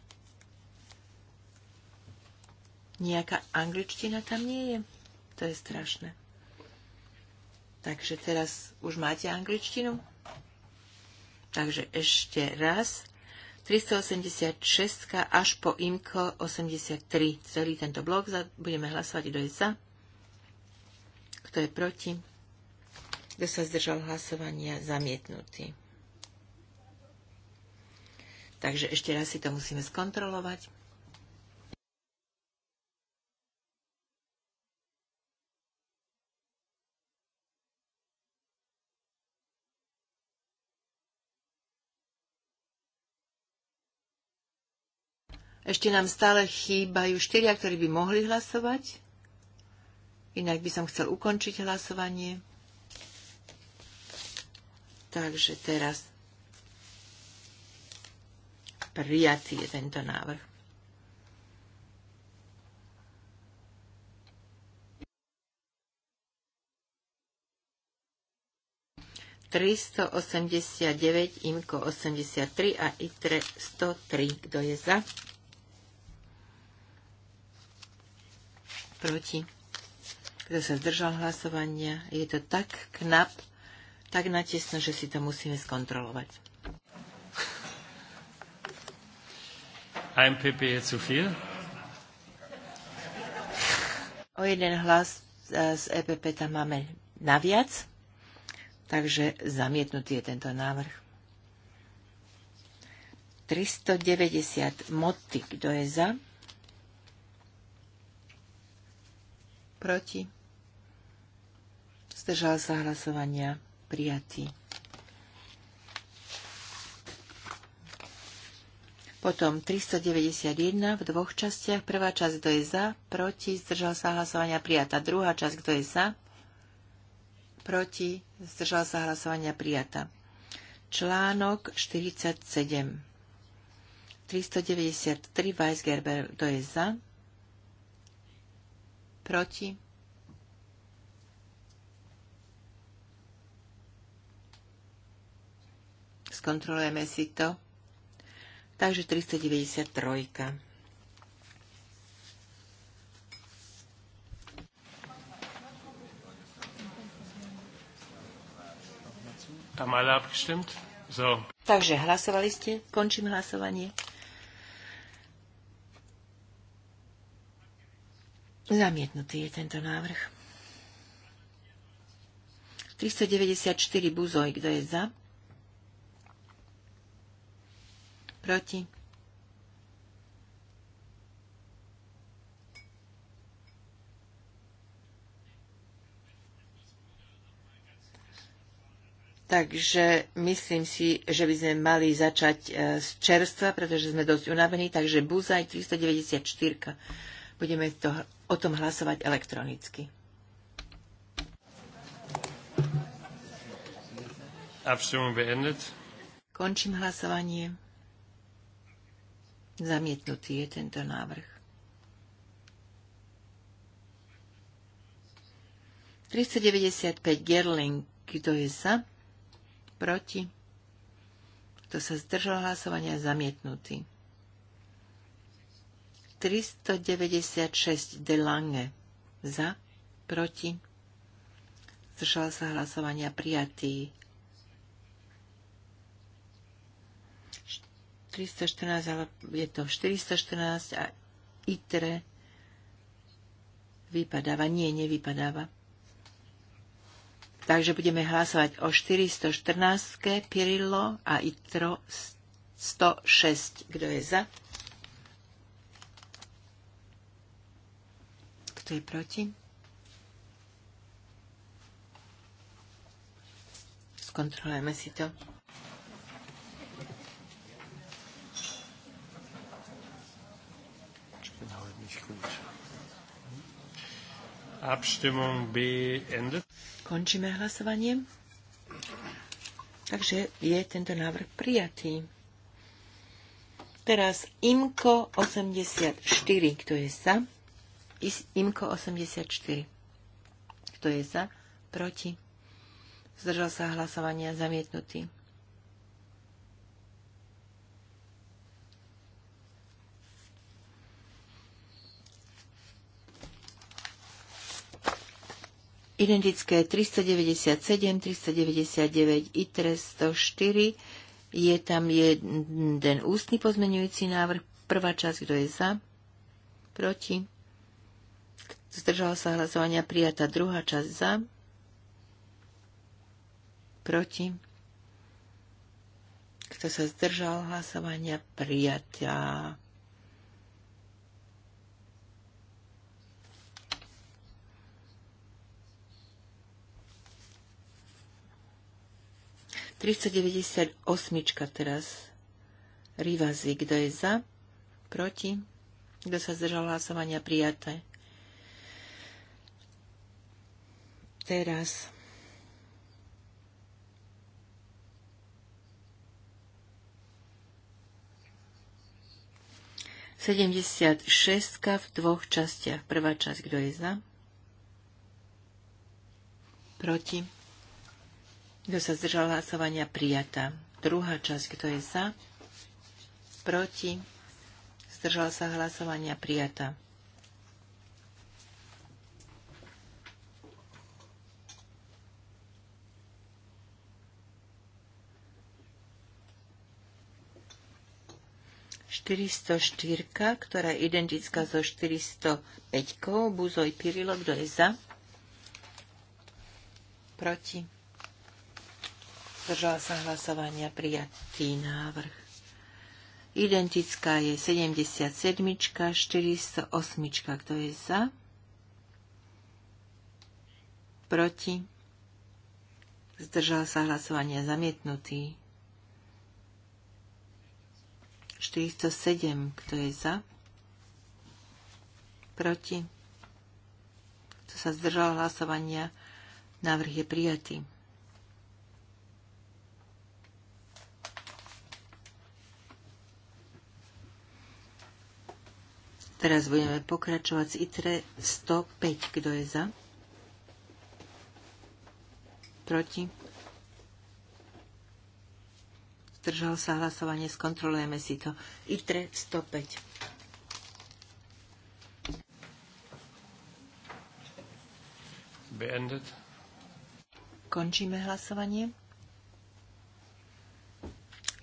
Nejaká angličtina tam nie je? To je strašné. Takže teraz už máte angličtinu? Takže ešte raz. 386 až po IMKO 83. Celý tento blok budeme hlasovať, kto je za, kto je proti, kto sa zdržal hlasovania, zamietnutý. Takže ešte raz si to musíme skontrolovať. Ešte nám stále chýbajú štyria, ktorí by mohli hlasovať. Inak by som chcel ukončiť hlasovanie. Takže teraz prijatý je tento návrh. Tristo osemdesiat deväť, imko osemdesiat tri a itre sto tri. Kto je za? proti, kto sa zdržal hlasovania. Je to tak knap, tak natesno, že si to musíme skontrolovať. Ein PP je zu viel. O jeden hlas e, z EPP tam máme naviac, takže zamietnutý je tento návrh. 390 moty, kto je za? Proti? Zdržal sa hlasovania. Prijatý. Potom 391 v dvoch častiach. Prvá časť, kto je za, proti, zdržal sa hlasovania prijatá. Druhá časť, kto je za, proti, zdržal sa hlasovania prijatá. Článok 47. 393 Weisgerber, kto je za, Proti? Skontrolujeme si to. Takže 393. alle abgestimmt? So. Takže hlasovali ste? Končím hlasovanie. Zamietnutý je tento návrh. 394 buzoj, kto je za? Proti? Takže myslím si, že by sme mali začať e, z čerstva, pretože sme dosť unavení, takže buzaj 394. Budeme to o tom hlasovať elektronicky. Končím hlasovanie. Zamietnutý je tento návrh. 395 Gerling, kto je za? Proti? Kto sa zdržal hlasovania? Zamietnutý. 396 de Lange za, proti, zdržal sa hlasovania prijatý 314, ale je to 414 a ITRE vypadáva. Nie, nevypadáva. Takže budeme hlasovať o 414 Pirillo a ITRO 106. Kto je za? Kto je proti? Skontrolujeme si to. Končíme hlasovanie. Takže je tento návrh prijatý. Teraz IMKO 84. Kto je sa? IMKO 84. Kto je za? Proti? Zdržal sa hlasovania zamietnutý. Identické 397, 399, i 304. Je tam jeden ústny pozmeňujúci návrh. Prvá časť, kto je za? Proti? Zdržala sa hlasovania prijatá druhá časť za. Proti. Kto sa zdržal hlasovania prijatá. osmička teraz. Rivazi, kto je za? Proti? Kto sa zdržal hlasovania prijaté? teraz. Sedemdesiat šestka v dvoch častiach. Prvá časť, kto je za? Proti. Kto sa zdržal hlasovania, prijatá. Druhá časť, kto je za? Proti. Zdržal sa hlasovania, prijatá. 404, ktorá je identická so 405. Buzoj Pirilo, kto je za? Proti? Zdržala sa hlasovania prijatý návrh. Identická je 77, 408, kto je za? Proti? Zdržal sa hlasovania zamietnutý. 407. Kto je za? Proti? Kto sa zdržal hlasovania? Návrh je prijatý. Teraz budeme pokračovať s ITRE 105. Kto je za? Proti? zdržal sa hlasovanie, skontrolujeme si to. ITRE 105. Beendet. Končíme hlasovanie.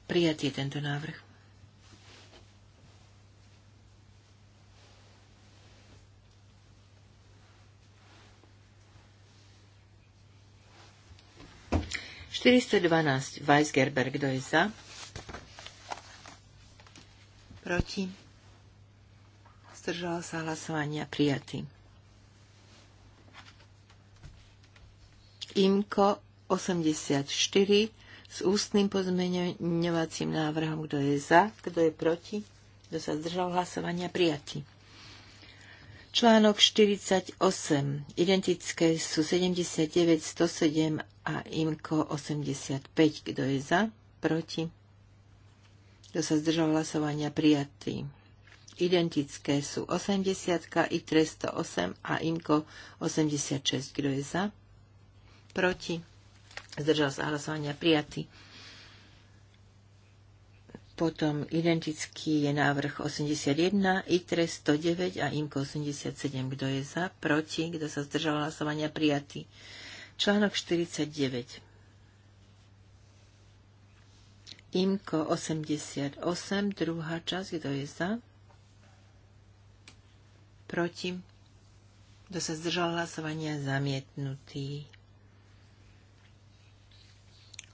Prijatý tento návrh. 412 Weisgerberg, kto je za? Proti? Zdržalo sa hlasovania prijatý. IMKO 84 s ústnym pozmeňovacím návrhom, kto je za, kto je proti, kto sa zdržal hlasovania prijatý. Článok 48. Identické sú 79, 107 a IMKO 85. Kto je za? Proti? Kto sa zdržal hlasovania? Prijatý. Identické sú 80, i 308 a IMKO 86. Kto je za? Proti? Zdržal sa hlasovania? Prijatý. Potom identický je návrh 81, ITRE 109 a IMKO 87. Kto je za, proti, kto sa zdržal hlasovania, prijatý. Článok 49. IMKO 88, druhá časť, kto je za, proti, kto sa zdržal hlasovania, zamietnutý.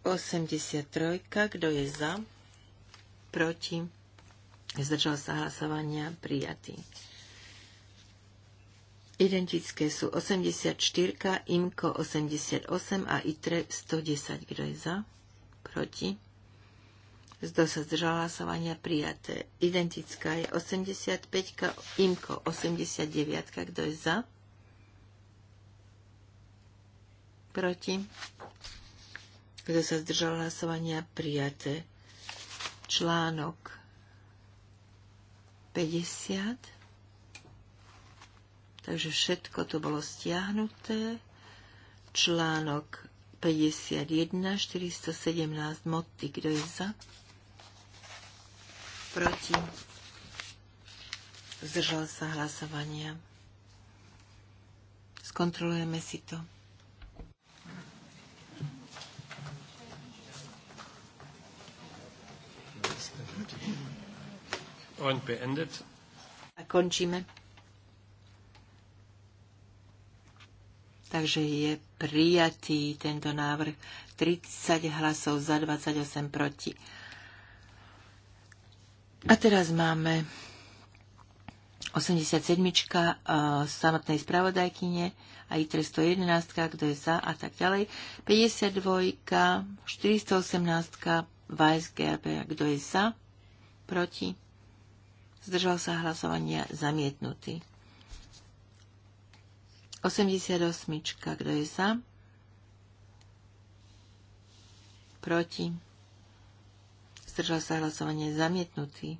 83, kto je za, proti, zdržal sa hlasovania, prijatý. Identické sú 84, IMKO 88 a ITRE 110. Kto je za? Proti? Zdo sa zdržal hlasovania prijaté. Identická je 85, IMKO 89. Kto je za? Proti? Kto sa zdržal hlasovania prijaté? článok 50. Takže všetko to bolo stiahnuté. Článok 51, 417 moty. Kto je za? Proti? Zdržal sa hlasovania. Skontrolujeme si to. Und beendet. A končíme. Takže je prijatý tento návrh 30 hlasov za 28 proti. A teraz máme 87. Eh, samotnej spravodajkyne a i 311. kto je za a tak ďalej. 52, 418, Weisgerber, kto je za, proti, zdržal sa hlasovania zamietnutý. 88. Kto je za? Proti. Zdržal sa hlasovanie zamietnutý.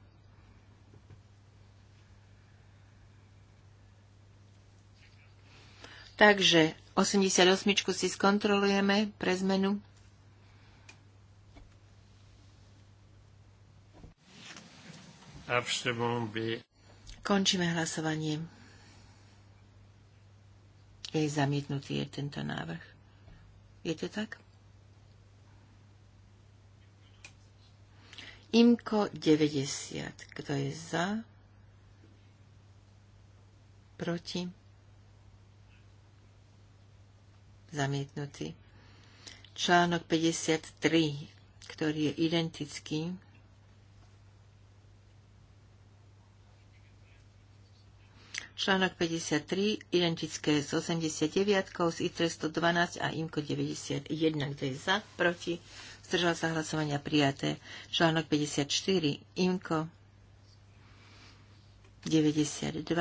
Takže 88 si skontrolujeme pre zmenu. Končíme hlasovanie. Je zamietnutý je tento návrh. Je to tak? Imko 90. Kto je za? Proti? Zamietnutý. Článok 53, ktorý je identický Článok 53, identické s 89, s IT 112 e a IMKO 91, kde je za, proti, zdržal sa hlasovania prijaté. Článok 54, IMKO 92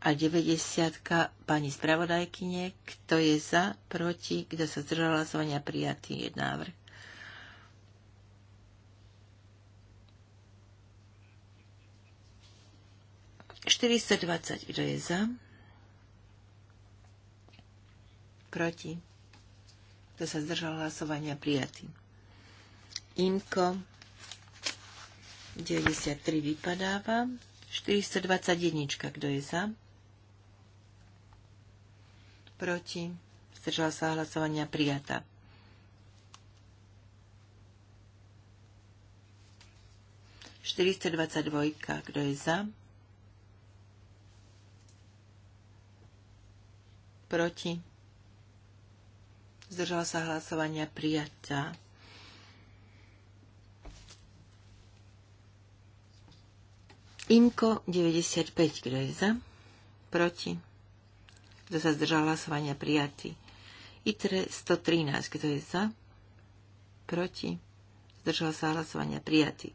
a 90 pani spravodajkyne, kto je za, proti, kto sa zdržal hlasovania prijatý je návrh. 420. Kto je za? Proti. Kto sa zdržal hlasovania? Prijatý. Imko 93 vypadáva. 421. Kto je za? Proti. Zdržal sa hlasovania prijatá. dvojka, Kto je za? proti, zdržal sa hlasovania prijaťa. Imko 95, kto je za, proti, kto sa zdržal hlasovania prijatý. ITRE 113, kto je za, proti, zdržal sa hlasovania prijatý.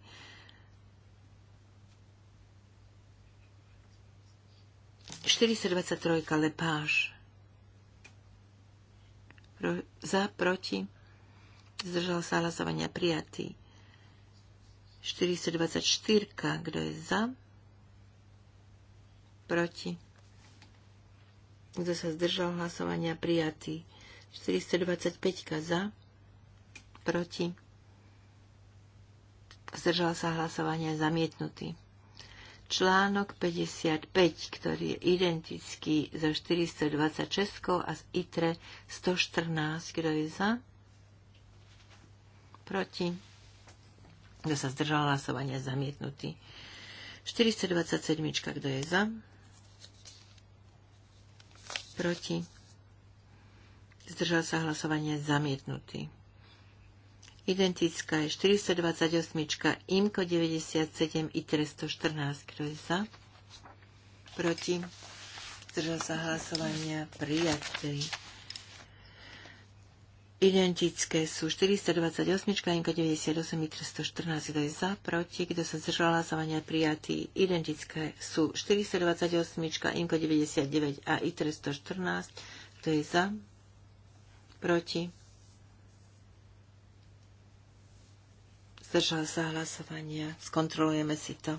Štyridsaťdvadsaťtrojka Lepáš pro, za, proti, zdržal sa hlasovania prijatý. 424, kto je za, proti, kto sa zdržal hlasovania prijatý. 425 za, proti, zdržal sa hlasovania zamietnutý článok 55, ktorý je identický so 426 a z ITRE 114. Kto je za? Proti? Kto sa zdržal hlasovania? Zamietnutý. 427. Kto je za? Proti? Zdržal sa hlasovanie zamietnutý. Identická je 428, IMCO 97, i 114. Kto je za? Proti? Zdržal sa hlasovania prijatý. Identické sú 428, IMCO 98, i 114. Kto je za? Proti? Kto sa zdržal hlasovania prijatý? Identické sú 428, IMCO 99 a i 114. Kto je za? Proti? zdržal sa hlasovania. Skontrolujeme si to.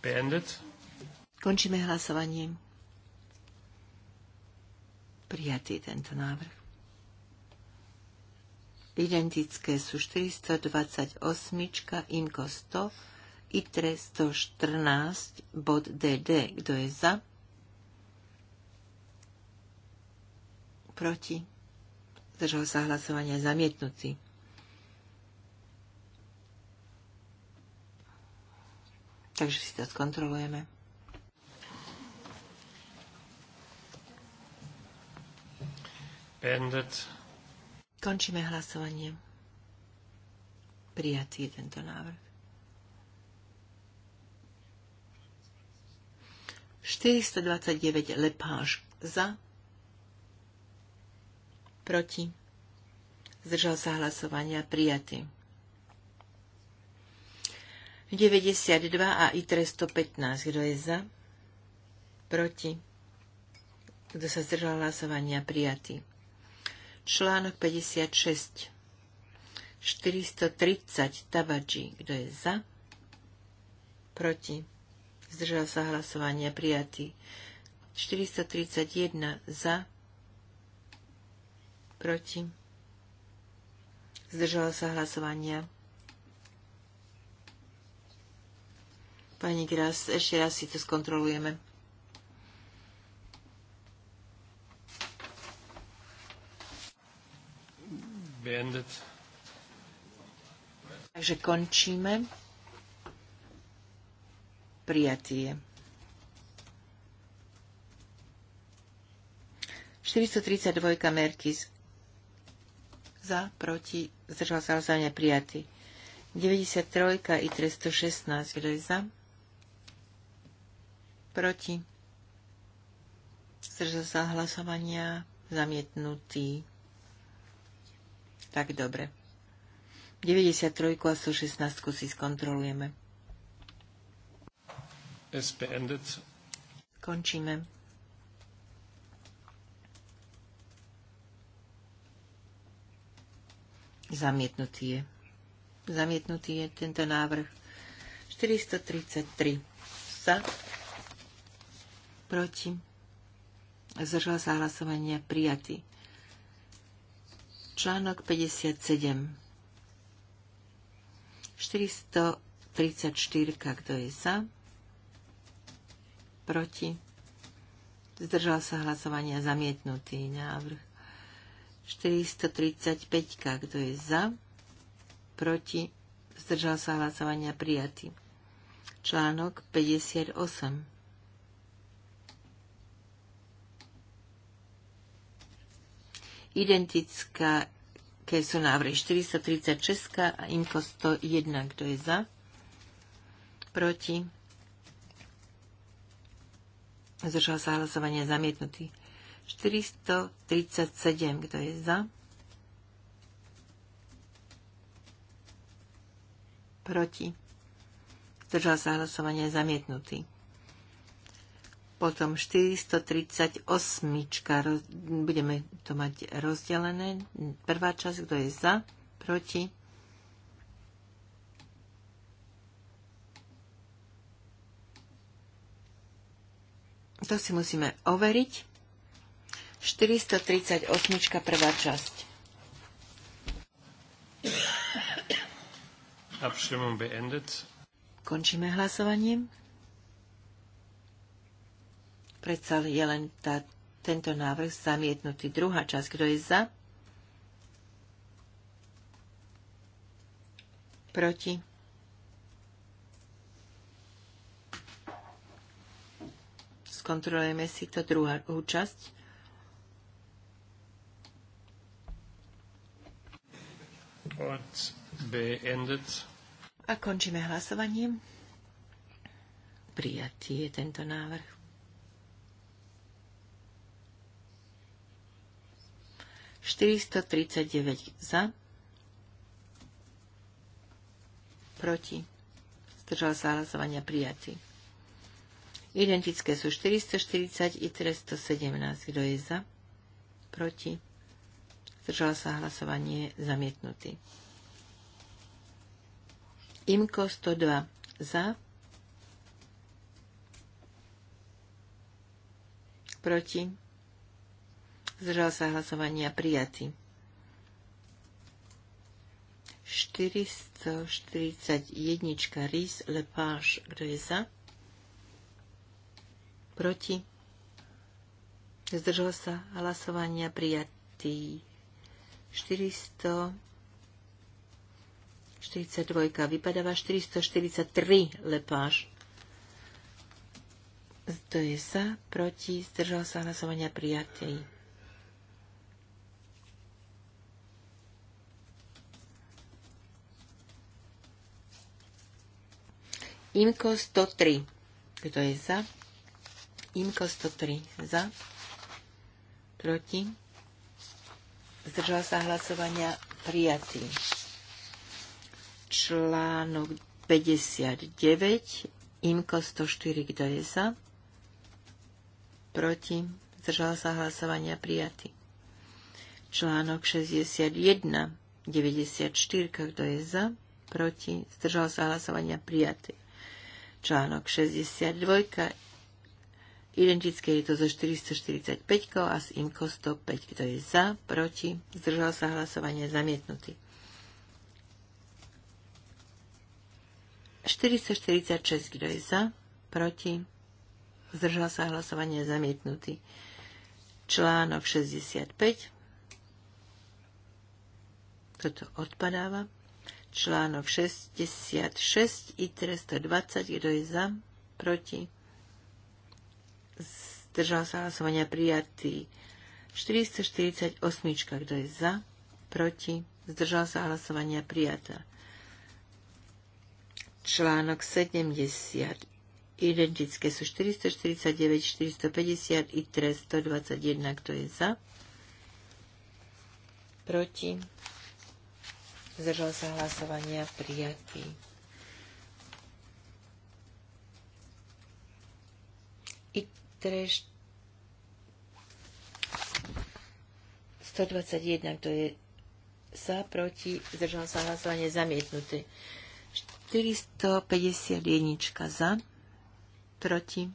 Beendet. Končíme hlasovanie. Prijatý tento návrh. Identické sú 428, IMKO 100, ITRE 114 bod DD. Kto je za? Proti? Zdržal sa hlasovania zamietnutý. Takže si to skontrolujeme. Beendet. Končíme hlasovanie. Prijatý tento návrh. 429 lepáž za, proti, zdržal sa hlasovania prijatý. 92 a i 115, kto je za, proti, kto sa zdržal hlasovania prijatý. Článok 56, 430 Tabadži, kto je za, proti, zdržal sa hlasovania prijatý. 431 za, proti, zdržal sa hlasovania. Pani Gras, ešte raz si to skontrolujeme. Beendet. Takže končíme prijatie. 432 Merkis za, proti, zdržal sa hlasovania prijatý. 93 i 316, kto je za? Proti. Zdržal sa hlasovania zamietnutý. Tak dobre. 93 a 116 si skontrolujeme ist beendet. Končíme. Zamietnutý je. Zamietnutý je tento návrh. 433 za, proti, zdržal sa hlasovania prijatý. Článok 57. 434, kto je za? proti, zdržal sa hlasovania zamietnutý návrh. 435, kto je za, proti, zdržal sa hlasovania prijatý. Článok 58. Identická, keď sú návrhy 436 a Inko 101, kto je za, proti, Zdržal sa hlasovanie zamietnutý. 437. Kto je za? Proti. Zdržal sa hlasovanie zamietnutý. Potom 438. Budeme to mať rozdelené. Prvá časť, kto je za, proti, to si musíme overiť. 438. prvá časť. Abstimmung beendet. Končíme hlasovanie. Predsa je len tá, tento návrh zamietnutý. Druhá časť, kto je za? Proti? skontrolujeme si to druhá časť. A končíme hlasovaním. Prijatý je tento návrh. Štyristo tridsaťdeväť za. Proti. Zdržal sa hlasovania prijatý. Identické sú 440 i 317. Kto je za? Proti? Zdržala sa hlasovanie zamietnutý. Imko 102 za. Proti? Zdržal sa hlasovania prijatý. 441 Rys Lepáš. Kto je za? proti, zdržal sa hlasovania prijatý 400. 42 vypadáva 443 lepáž. To je sa proti, zdržal sa hlasovania prijatý. Imko 103. Kto je za? Imko 103 za, proti, zdržal sa hlasovania prijatý. Článok 59, Imko 104, kto je za, proti, zdržal sa hlasovania prijatý. Článok 61, 94, kto je za, proti, zdržal sa hlasovania prijatý. Článok 62, Identické je to so 445 a s IMKO 105. Kto je za, proti, zdržal sa hlasovanie, zamietnutý. 446. Kto je za, proti, zdržal sa hlasovanie, zamietnutý. Článok 65. Toto odpadáva. Článok 66 i 320. Kto je za, proti, zdržal sa hlasovania prijatý. 448, kto je za, proti, zdržal sa hlasovania prijatá. Článok 70. Identické sú 449, 450 i 121, kto je za, proti, zdržal sa hlasovania prijatý. Treš 121, to je za, proti, zdržal sa hlasovanie zamietnuté. 451 za, proti,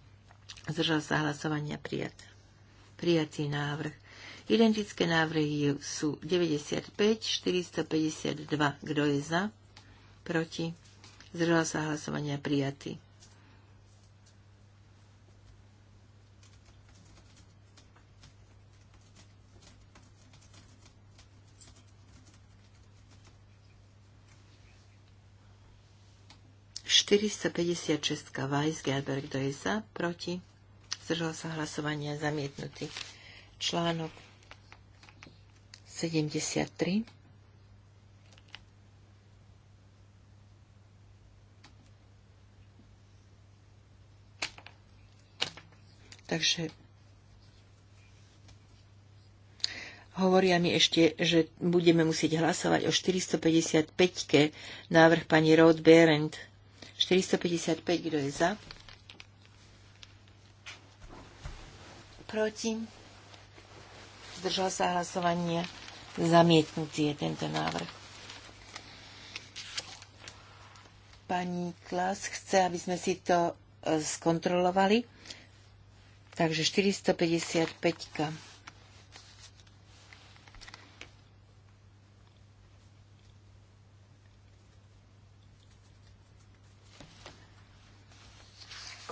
zdržal sa hlasovania prijat. Prijatý návrh. Identické návrhy sú 95, 452. Kto je za? Proti? Zdržal sa hlasovania prijatý. 456 Weiss Gerberg, kto je za, proti, zdržal sa hlasovania zamietnutý. Článok 73. Takže hovoria mi ešte, že budeme musieť hlasovať o 455-ke návrh pani Roth Berendt. 455, kto je za? Proti? Zdržal sa hlasovanie. Zamietnutý je tento návrh. Pani Klas chce, aby sme si to e, skontrolovali. Takže 455.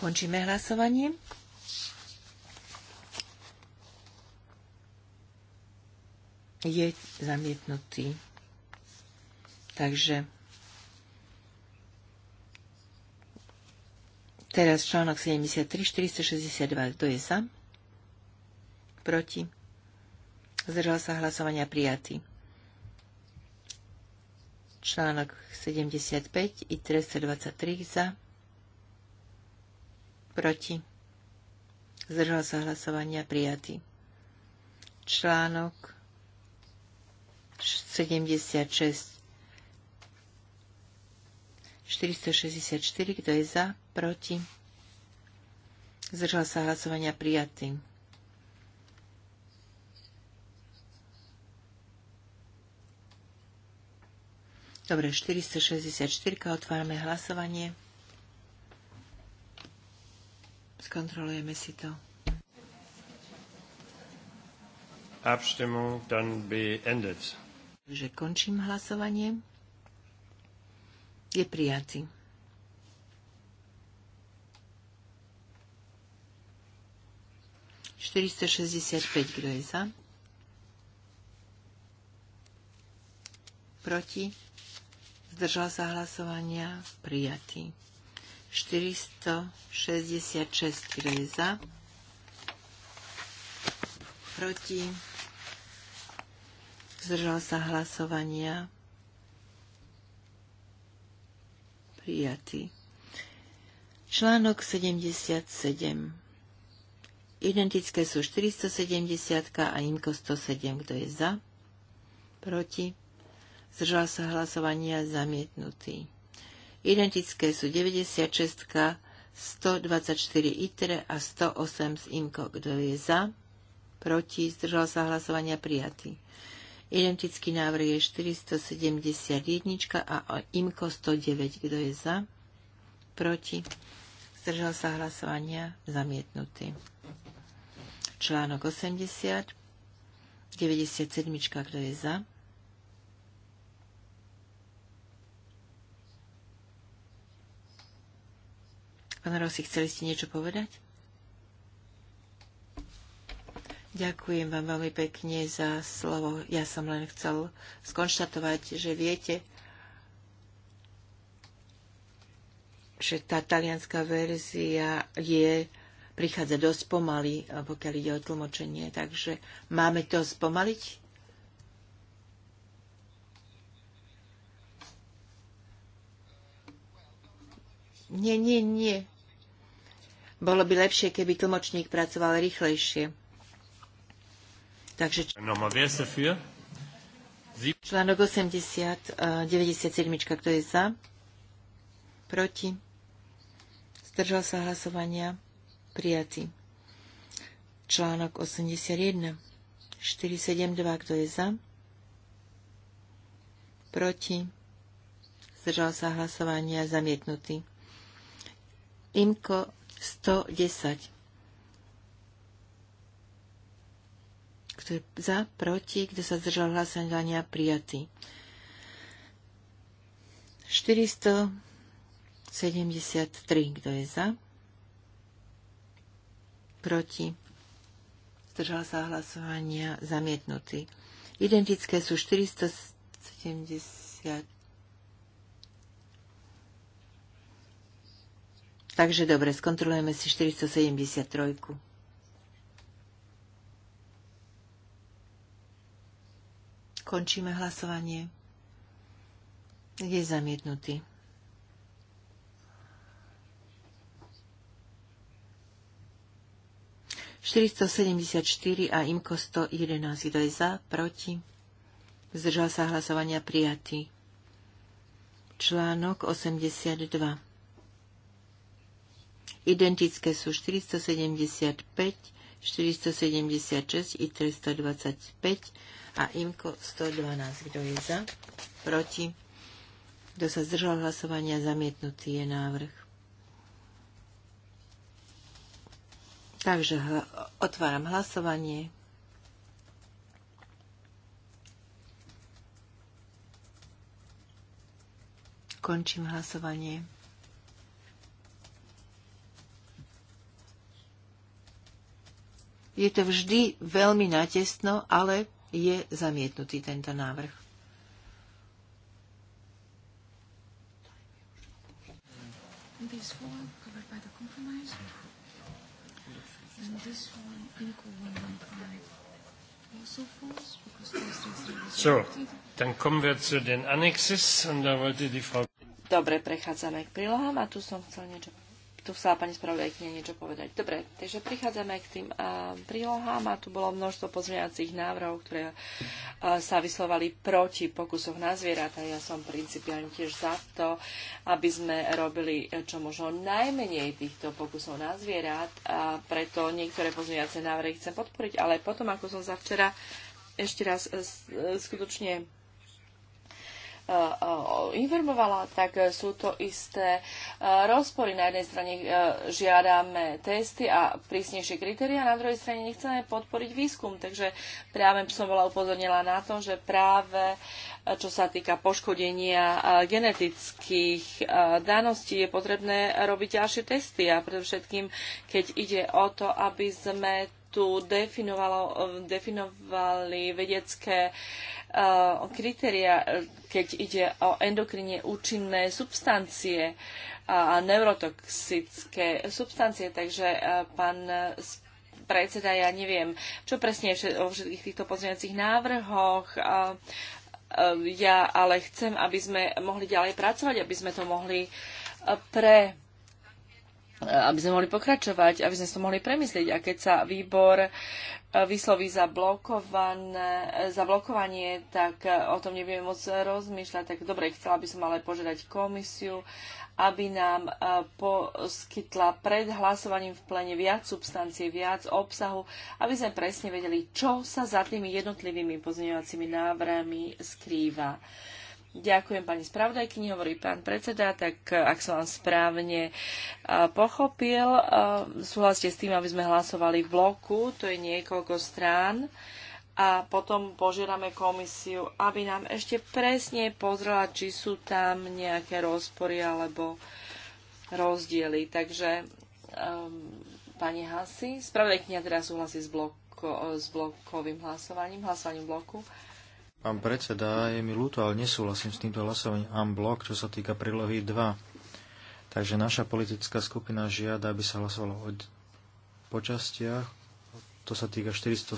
Končíme hlasovanie. Je zamietnutý. Takže Teraz článok 73, 462. Kto je za? Proti? Zdržal sa hlasovania prijatý. Článok 75 i 323 za. Proti. Zdržal sa hlasovania prijatý. Článok 76. 464, kto je za, proti. Zdržal sa hlasovania prijatý. Dobre, 464, otvárame hlasovanie. Skontrolujeme si to. Abstimmung dann beendet. Že končím hlasovanie. Je prijatý. Štyristo šesťdesiat päť, kto je za? Proti? Zdržal sa hlasovania? Prijatý. 466, kto je za, proti, zdržal sa hlasovania, prijatý. Článok 77. Identické sú 470 a IMKO 107, kto je za, proti, zdržal sa hlasovania, zamietnutý. Identické sú 96, 124 ITRE a 108 z IMKO. Kto je za? Proti? Zdržal sa hlasovania prijatý. Identický návrh je 471 a IMKO 109. Kto je za? Proti? Zdržal sa hlasovania zamietnutý. Článok 80. 97. Kto je za? Pán Rossi, chceli ste niečo povedať? Ďakujem vám veľmi pekne za slovo. Ja som len chcel skonštatovať, že viete, že tá talianská verzia je, prichádza dosť pomaly, pokiaľ ide o tlmočenie, takže máme to spomaliť? Nie, nie, nie. Bolo by lepšie, keby tlmočník pracoval rýchlejšie. Takže... Článok 80, 97, eh, kto je za? Proti? Zdržal sa hlasovania? Prijatý. Článok 81, 472, kto je za? Proti? Zdržal sa hlasovania? Zamietnutý. Imko 110. Kto je za, proti, kto sa zdržal hlasovania, prijatý. 473. Kto je za? Proti. Zdržal sa hlasovania zamietnutý. Identické sú 470 Takže dobre, skontrolujeme si 473. Končíme hlasovanie. Je zamietnutý. Štyristo sedemdesiat štyri a imko sto jedenáct. Kto je za? Proti? Zdržal sa hlasovania prijatý. Článok osemdesiat dva. Identické sú 475, 476 i 325 a IMKO 112. Kto je za? Proti? Kto sa zdržal hlasovania? Zamietnutý je návrh. Takže otváram hlasovanie. Končím hlasovanie. Je to vždy veľmi natesno, ale je zamietnutý tento návrh. Dobre, prechádzame k prílohám a tu som chcel niečo tu chcela pani spravodajkyňa niečo povedať. Dobre, takže prichádzame k tým a, prílohám a tu bolo množstvo pozmeňacích návrhov, ktoré a, sa vyslovali proti pokusoch na zvieratá. Ja som principiálne tiež za to, aby sme robili e, čo možno najmenej týchto pokusov na zvierat a preto niektoré pozmeňacie návrhy chcem podporiť, ale potom, ako som za včera ešte raz e, e, skutočne Eh, informovala, tak sú to isté eh, rozpory. Na jednej strane eh, žiadame testy a prísnejšie kritéria, na druhej strane nechceme podporiť výskum. Takže práve som bola upozornila na to, že práve čo sa týka poškodenia genetických daností, je potrebné robiť ďalšie testy a predovšetkým, keď ide o to, aby sme tu definovali vedecké kritéria, keď ide o endokrine účinné substancie a neurotoxické substancie. Takže pán predseda, ja neviem, čo presne je o všetkých týchto pozrieňacích návrhoch. Ja ale chcem, aby sme mohli ďalej pracovať, aby sme to mohli pre Eh, aby sme mohli pokračovať, aby sme to mohli premyslieť. A keď sa výbor eh, vysloví za, eh, za blokovanie, tak o tom nebudeme moc rozmýšľať. Tak dobre, chcela by som ale požiadať komisiu, aby nám poskytla pred hlasovaním v plene viac substancie, viac obsahu, aby sme presne vedeli, čo sa za tými jednotlivými pozmeňovacími návrhmi skrýva. Ďakujem pani spravodajkyni, hovorí pán predseda, tak eh, ak som vám správne eh, pochopil, eh, súhlasíte s tým, aby sme hlasovali v bloku, to je niekoľko strán a potom požiadame komisiu, aby nám ešte presne pozrela, či sú tam nejaké rozpory alebo rozdiely. Takže um, pani Hasi, spravodajkynia teraz súhlasí s, bloko, s blokovým hlasovaním, hlasovaním bloku. Pán predseda, je mi ľúto, ale nesúhlasím s týmto hlasovaním unblock, čo sa týka prílohy 2. Takže naša politická skupina žiada, aby sa hlasovalo o počastiach. To sa týka 471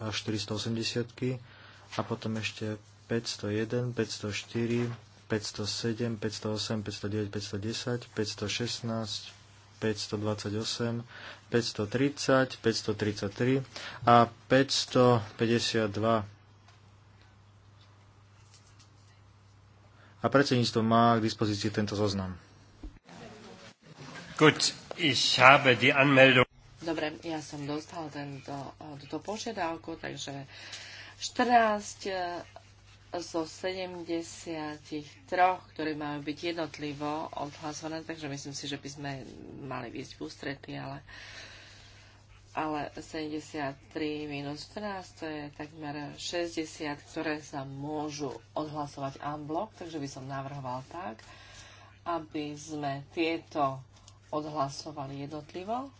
a 480 a potom ešte 501, 504, 507, 508, 509, 510, 516, 528, 530, 533 a 552 a predsedníctvo má k dispozícii tento zoznam. Gut, ich habe die Anmeldung. Dobre, ja som dostal tento, túto požiadavku, takže 14 eh, zo 73, ktoré majú byť jednotlivo odhlasované, takže myslím si, že by sme mali viesť v ústrety, ale uh, ale 73 minus 14 to je takmer 60, ktoré sa môžu odhlasovať unblock, takže by som navrhoval tak, aby sme tieto odhlasovali jednotlivo.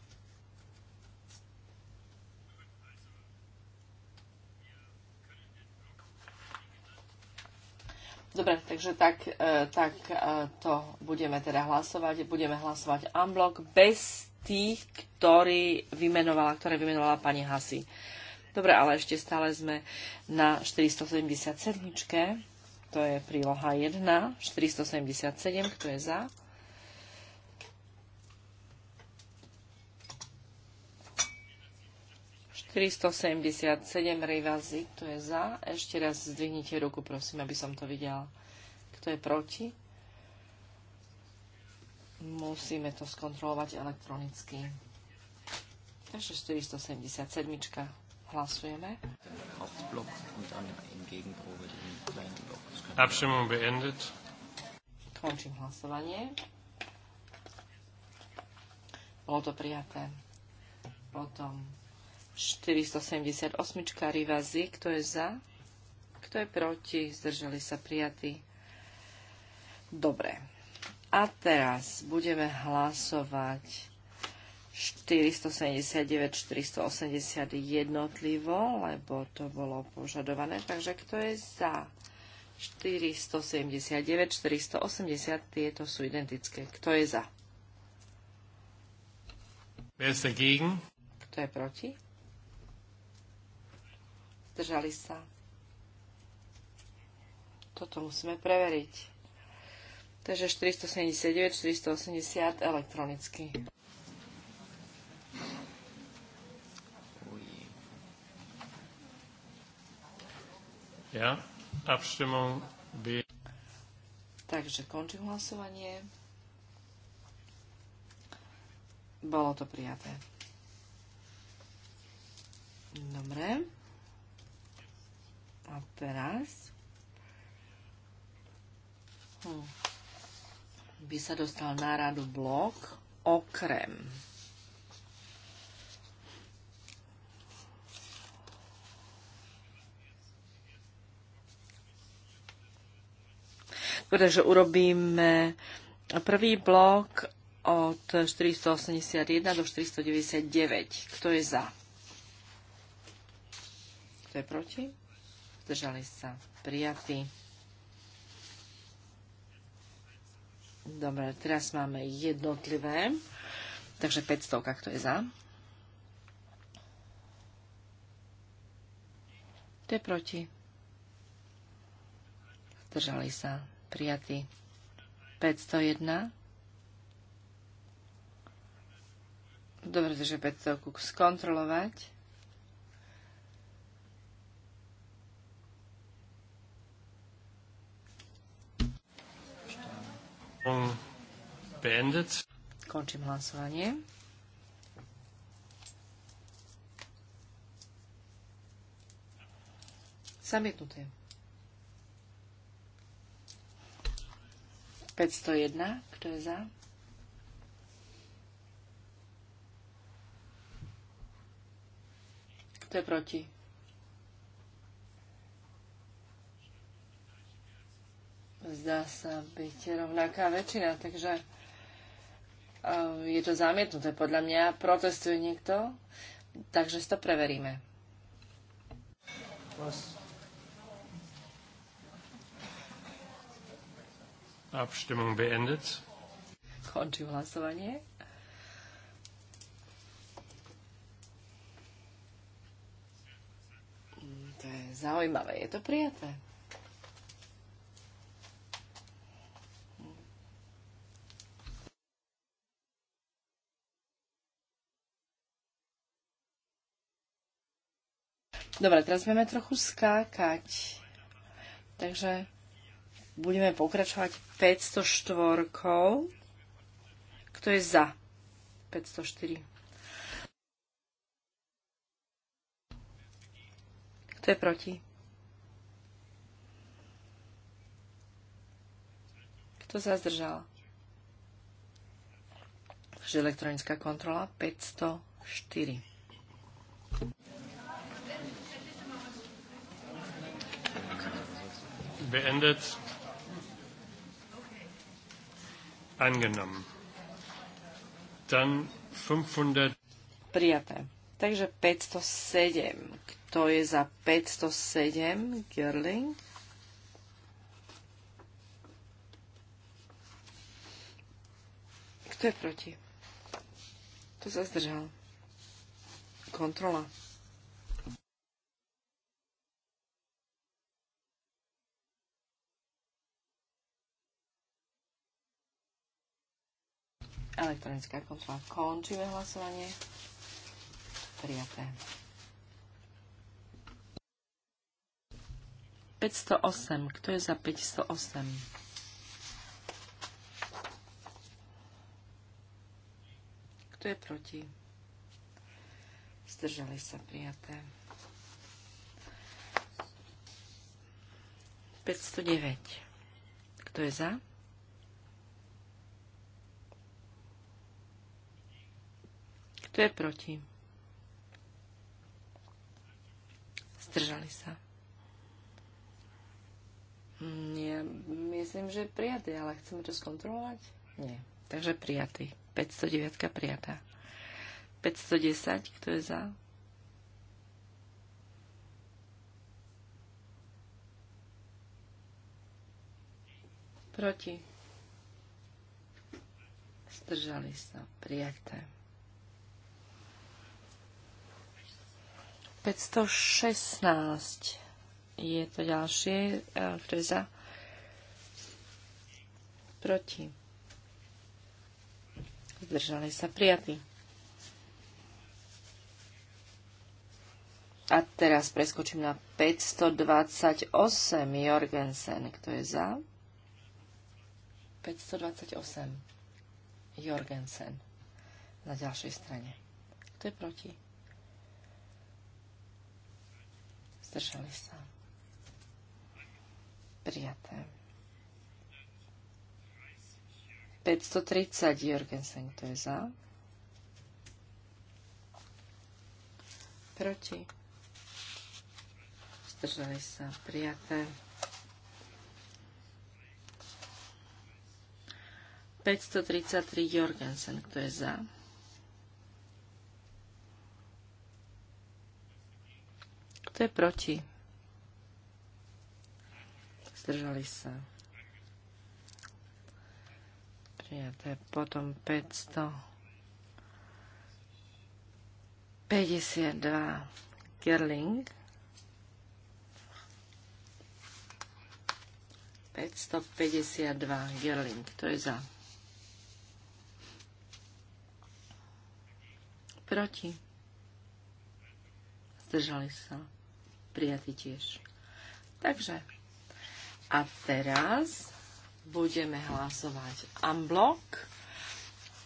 Dobre, takže tak, e, tak e, to budeme teda hlasovať. Budeme hlasovať unblock bez tých, ktorý vymenovala, ktoré vymenovala pani Hasi. Dobre, ale ešte stále sme na 477. To je príloha 1, 477, kto je za. ...477 rejvazy, kto je za. Ešte raz zdvihnite ruku, prosím, aby som to videl. Kto je proti? Musíme to skontrolovať elektronicky. Takže 477. Hlasujeme. Abstimmung beendet. Končím hlasovanie. Bolo to prijaté. Potom 478. Rivazi. Kto je za? Kto je proti? Zdržali sa prijatí. Dobre. A teraz budeme hlasovať 479, 480 jednotlivo, lebo to bolo požadované. Takže kto je za 479, 480, tieto sú identické. Kto je za? Kto je proti? Zdržali sa. Toto musíme preveriť. Takže 479, 480 elektronicky. Ja, Abstimmung by... Takže končím hlasovanie. Bolo to prijaté. Dobre. A teraz... Hm by sa dostal na radu blok okrem Takže teda, urobíme prvý blok od 481 do 499. Kto je za? Kto je proti? Zdržali sa. Prijatý. Dobre, teraz máme jednotlivé. Takže 500, to je za? Kto je proti? Zdržali sa. Prijatí. 501. Dobre, takže 500 skontrolovať. Končím hlasovanie. Zamietnuté. 501, kto je za? Kto je proti? zdá sa byť rovnaká väčšina, takže eh, je to zamietnuté podľa mňa. Protestuje niekto, takže si to preveríme. Abstimmung beendet. Končím hlasovanie. Mm, to je zaujímavé, je to prijaté. Dobre, teraz budeme trochu skákať. Takže budeme pokračovať 504. Kto je za? 504. Kto je proti? Kto sa zdržal? Takže elektronická kontrola 504. beendet. Angenommen. Dann 500. Prijaté. Takže 507. Kto je za 507? Gerling. Kto je proti? Kto sa zdržal? Kontrola. Elektronická kontrola. Končíme hlasovanie. Prijaté. 508. Kto je za 508? Kto je proti? Zdržali sa prijaté. 509. Kto je za? Kto je proti? Zdržali sa. Ja myslím, že prijatý, ale chceme to skontrolovať? Nie. Takže prijatý. 509 prijatá. 510, kto je za? Proti. Zdržali sa. Prijaté. 516 je to ďalšie, e, kto je proti, zdržali sa prijatí. A teraz preskočím na 528 Jorgensen. Kto je za? 528 Jorgensen. Na ďalšej strane. Kto je proti? zdržali sa. Prijaté. 530 Jorgensen, kto je za? Proti. Zdržali sa. Prijaté. 533 Jorgensen, kto je za? Kto je proti? Zdržali sa. Prijaté. Potom 500. 52. Gerling. 552 Gerling. to je za? Proti. Zdržali sa prijatý tiež. Takže a teraz budeme hlasovať unblock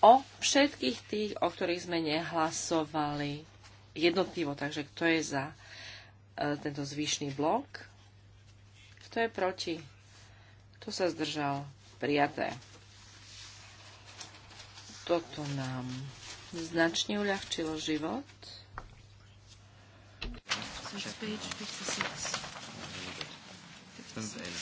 o všetkých tých, o ktorých sme nehlasovali jednotlivo. Takže kto je za e, tento zvyšný blok? Kto je proti? Kto sa zdržal? Prijaté. Toto nám značne uľahčilo život. So it's page 56.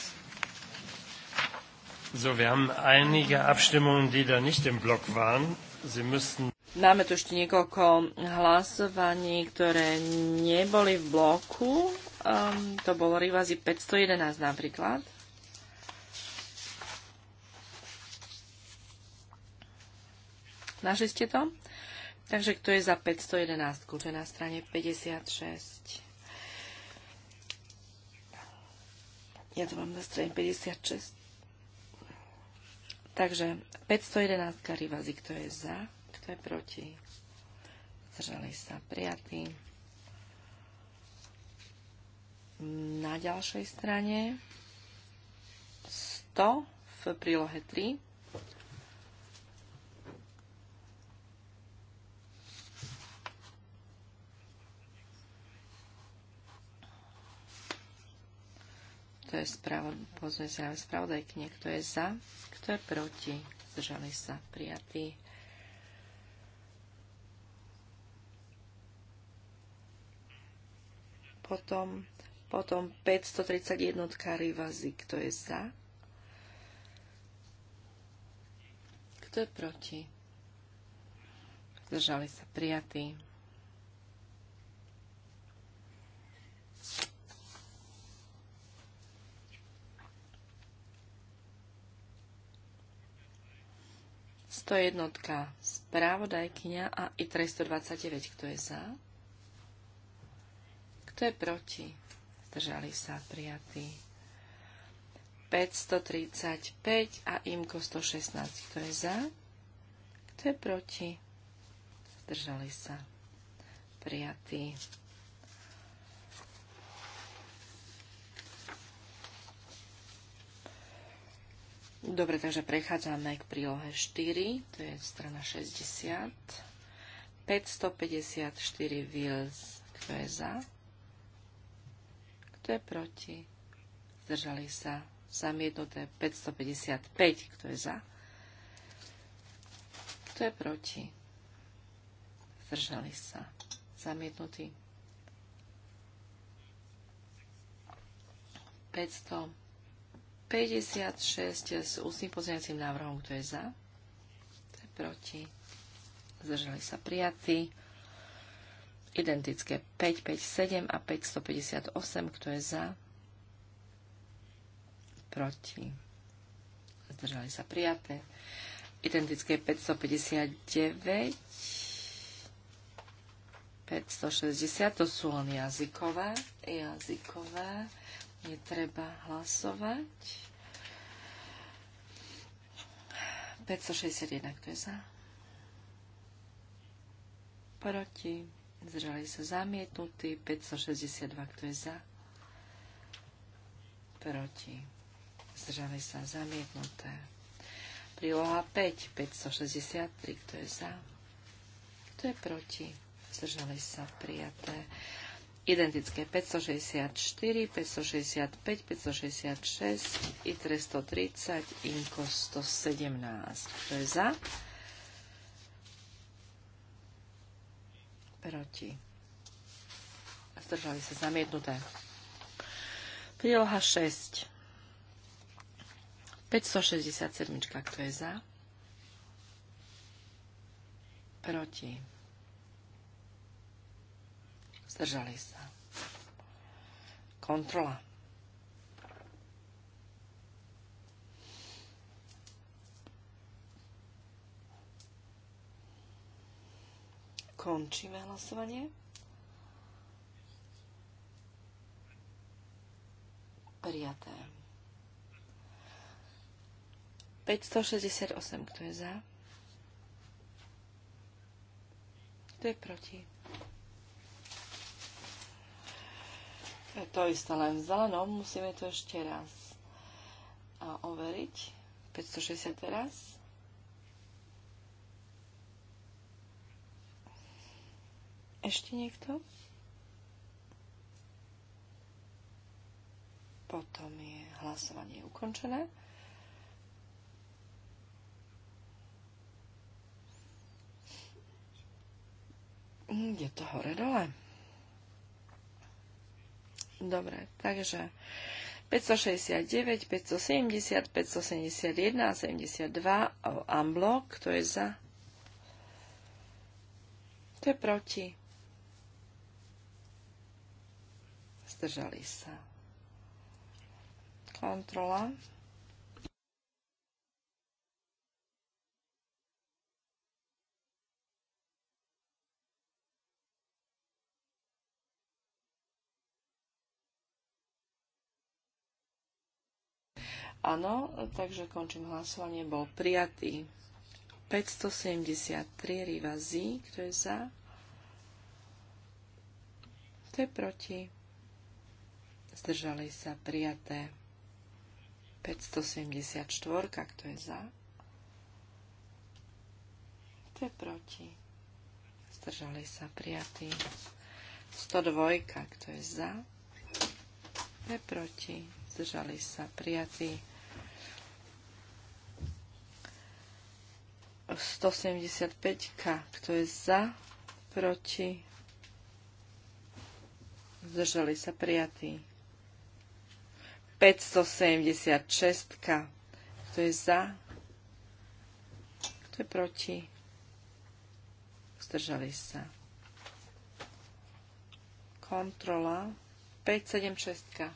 So, wir haben einige Abstimmungen, die da nicht im Block waren. Sie müssten Máme tu ešte niekoľko hlasovaní, ktoré neboli v bloku. Um, to bolo Rivazi 511 napríklad. Našli ste to? Takže kto je za 511? Kľúče na strane 56. Ja to mám na strane 56. Takže 511 karivazy, kto je za, kto je proti. Zdržali sa prijatí. Na ďalšej strane 100 v prílohe 3. To je správa, pozme sa na spravodajkne. Kto je za, kto je proti. Zdržali sa prijatí. Potom, potom 531 Rivazy. Kto je za? Kto je proti? Zdržali sa prijatí. 101. Správodajkyňa a i 329. Kto je za? Kto je proti? Zdržali sa prijatí. 535 a IMKO 116. Kto je za? Kto je proti? Zdržali sa prijatí. Dobre, takže prechádzame k prílohe 4, to je strana 60. 554 Wills, kto je za? Kto je proti? Zdržali sa. Zamietnuté 555, kto je za? Kto je proti? Zdržali sa. Zamietnutý. 500 56 s ústnym pozmeňacím návrhom, kto je za, kto je proti, zdržali sa prijatí. Identické 557 a 558, kto je za, proti, zdržali sa prijaté. Identické 559, 560, to sú len jazykové, jazykové je treba hlasovať. 561, kto je za? Proti. Zdržali sa zamietnutí. 562, kto je za? Proti. Zdržali sa zamietnuté. Príloha 5, 563, kto je za? Kto je proti? Zdržali sa prijaté identické 564, 565, 566, ITRE 130, INKO 117. Kto je za? Proti. Zdržali sa zamietnuté. Príloha 6. 567. Kto je za? Proti Zdržali sa. Kontrola. Končíme hlasovanie. Prijaté. 568, kto je za? Kto je proti? To isté len v zelenom, musíme to ešte raz overiť. 560 teraz. Ešte niekto? Potom je hlasovanie ukončené. Hm, je to hore dole. Dobre, takže 569, 570, 571 a 72 unblock, kto je za? Kto je proti? Zdržali sa. Kontrola. Áno, takže končím hlasovanie. Bol prijatý. 573 z, kto je za? Kto je proti? Zdržali sa prijaté. 574, kto je za? Kto je proti? Zdržali sa prijatí. 102, kto je za? Kto je proti? Zdržali sa prijatí. 175K. Kto je za? Proti? Zdržali sa prijatí. 576K. Kto je za? Kto je proti? Zdržali sa. Kontrola. 576K.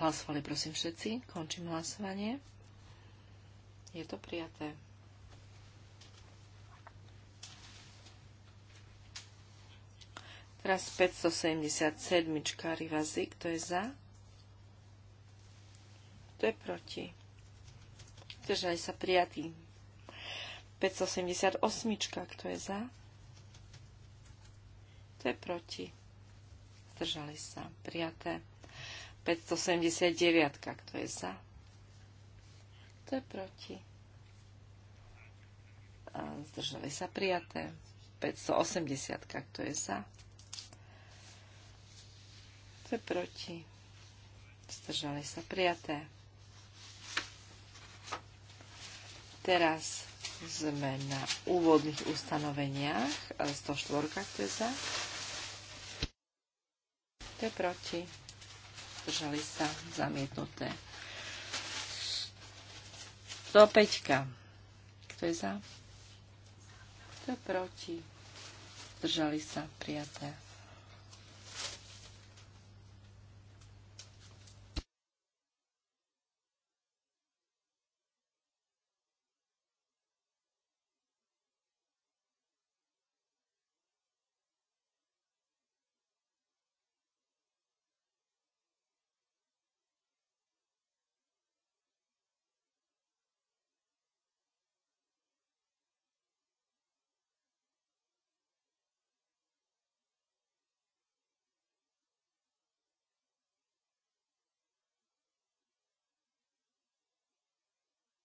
Hlasovali prosím všetci. Končím hlasovanie. Je to prijaté. Teraz 577. Rivazy. Kto je za? Kto je proti? Držali sa prijatí. 578. Kto je za? Kto je proti? Zdržali sa. Prijaté. 579. Kto je za? Kto je proti? A zdržali sa prijaté. 580. Kto je za? Kto je proti? Zdržali sa prijaté. Teraz sme na úvodných ustanoveniach 104, kto je za, kto je proti, zdržali sa, zamietnuté. 105. Kto je za? Kto je proti? Zdržali sa, prijaté.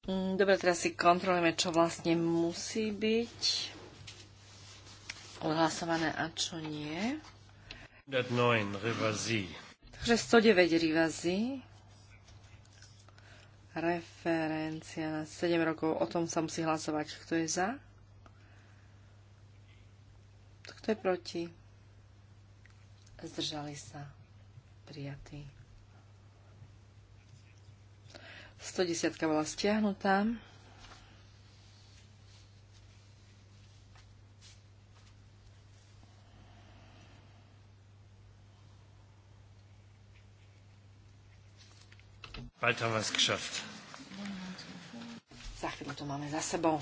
Mm, dobre, teraz si kontrolujeme, čo vlastne musí byť odhlasované a čo nie. 109 Takže 109 rivazí. Referencia na 7 rokov. O tom sa musí hlasovať. Kto je za? Kto je proti? Zdržali sa. Prijatý. 110 bola stiahnutá. Weiter was geschafft. Za chvíľu to máme za sebou.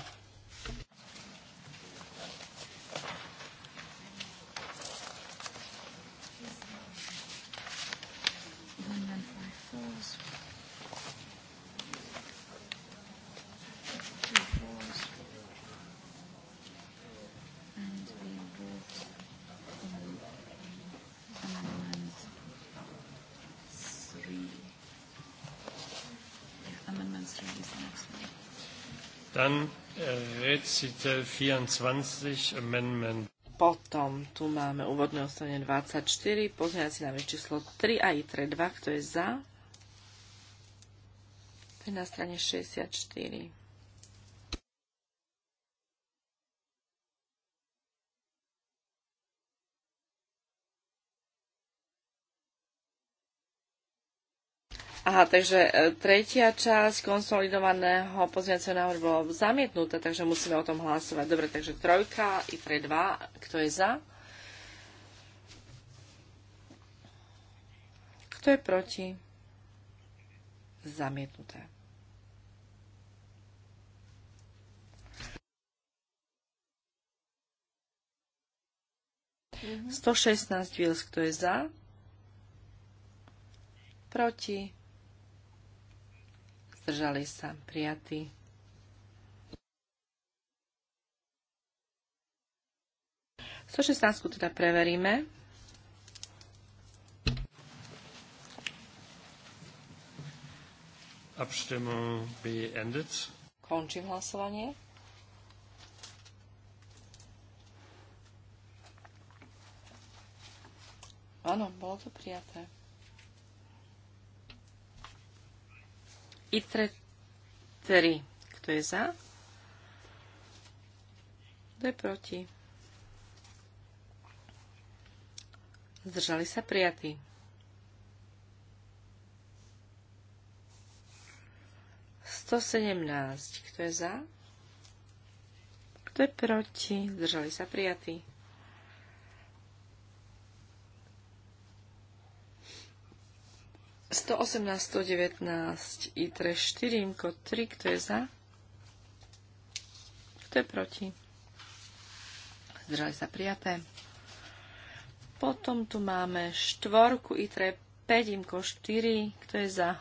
Dann äh, Recital 24, Amendment. Potom tu máme úvodné ostanie 24, pozmeňací návrh číslo 3 a ITRE 2, kto je za? To je na strane 64. Aha, takže e, tretia časť konsolidovaného pozmeňacieho návrhu bola zamietnutá, takže musíme o tom hlasovať. Dobre, takže trojka i pre dva. Kto je za? Kto je proti? Zamietnuté. Mm -hmm. 116 Vils, kto je za? Proti? zdržali sa prijatí. So 16 teda preveríme. Abstimmung beendet. Končím hlasovanie. Áno, bolo to prijaté. ITRE 3. Kto je za? Kto je proti? Zdržali sa prijatí. Sto sedemnáct. Kto je za? Kto je proti? Zdržali sa prijatí. 118, 119, 3 4, IMKO 3, kto je za? Kto je proti? Zdržali sa prijaté. Potom tu máme štvorku, I 3, 5, IMKO 4, kto je za?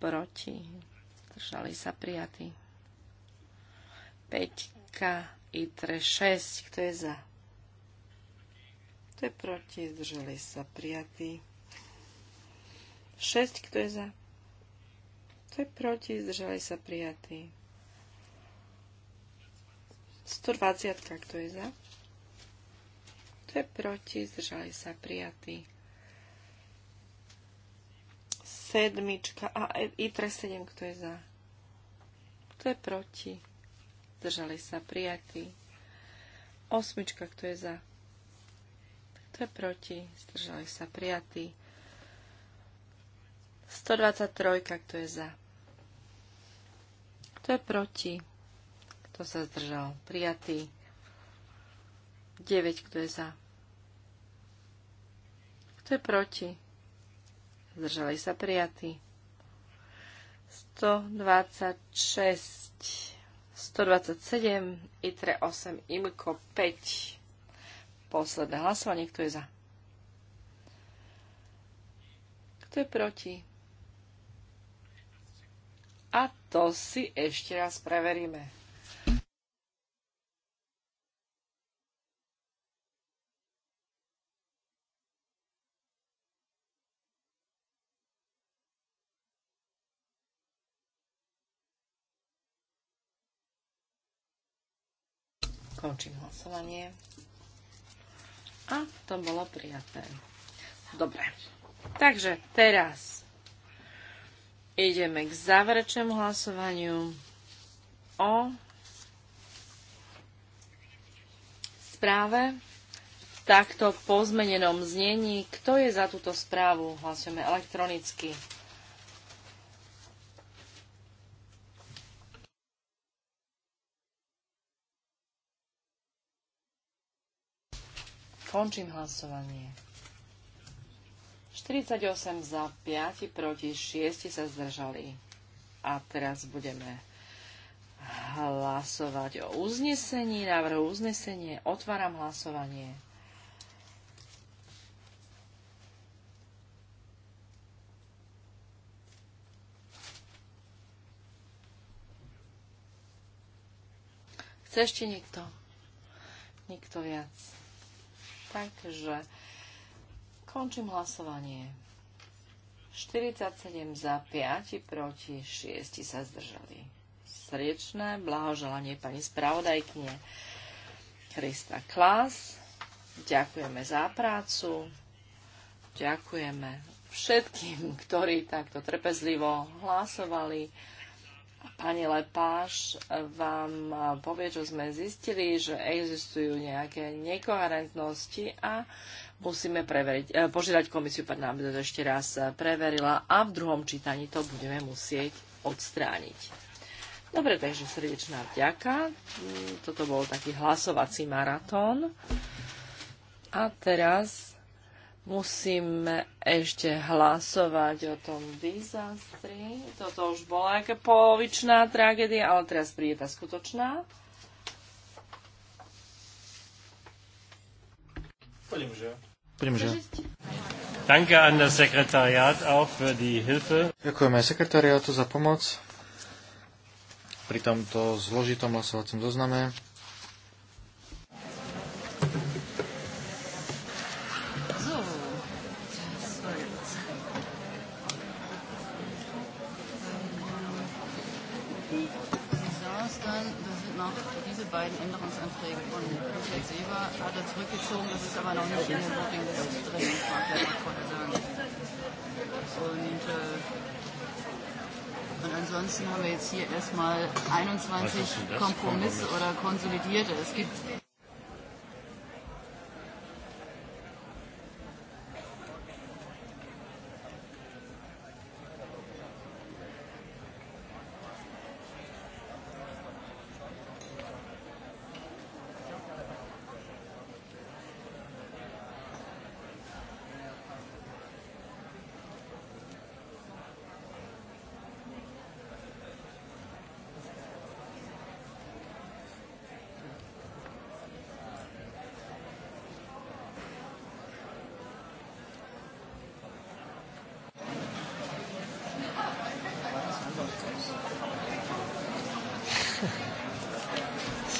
Proti. Zdržali sa prijatí. 5, 3, 6, kto je za? Kto je proti? Zdržali sa prijatí. 6, kto je za? Kto je proti? Zdržali sa prijatí. 120, kto je za? Kto je proti? Zdržali sa prijatí. Sedmička a e, ITRE 7, kto je za? Kto je proti? Zdržali sa prijatí. Osmička, kto je za? Kto je proti? Zdržali sa prijatí. 123, kto je za? Kto je proti? Kto sa zdržal? Prijatý. 9, kto je za? Kto je proti? Zdržali sa prijatí. 126, 127, ITRE 8, IMKO 5. Posledné hlasovanie, kto je za? Kto je proti? A to si ešte raz preveríme. Končím hlasovanie. A to bolo prijaté. Dobre. Takže teraz Ideme k záverečnému hlasovaniu o správe v takto pozmenenom znení. Kto je za túto správu? Hlasujeme elektronicky. Končím hlasovanie. 48 za 5, proti 6 sa zdržali. A teraz budeme hlasovať o uznesení, návrhu uznesenie. Otváram hlasovanie. Chce ešte niekto? Nikto viac. Takže Končím hlasovanie. 47 za 5, proti 6 sa zdržali. Srdečné blahoželanie pani spravodajkyne Krista Klas. Ďakujeme za prácu. Ďakujeme všetkým, ktorí takto trpezlivo hlasovali. Pani Lepáš vám povie, čo sme zistili, že existujú nejaké nekoherentnosti a musíme preveriť, eh, požiadať komisiu, pardon, aby to ešte raz eh, preverila a v druhom čítaní to budeme musieť odstrániť. Dobre, takže srdečná vďaka. Mm, toto bol taký hlasovací maratón. A teraz musíme ešte hlasovať o tom dizastri. Toto už bola aká polovičná tragédia, ale teraz príde tá skutočná. Poďme, že Prímže. Danke Ďakujeme sekretariátu za pomoc pri tomto zložitom hlasovacom zozname. Ähm, beiden Änderungsanträge. Anträge von Herrn Seber hat er zurückgezogen. Das ist aber noch nicht in der Voting des drin, das ich vorher sagen. Und, äh, und ansonsten haben wir jetzt hier erstmal 21 Kompromisse oder konsolidierte. Es gibt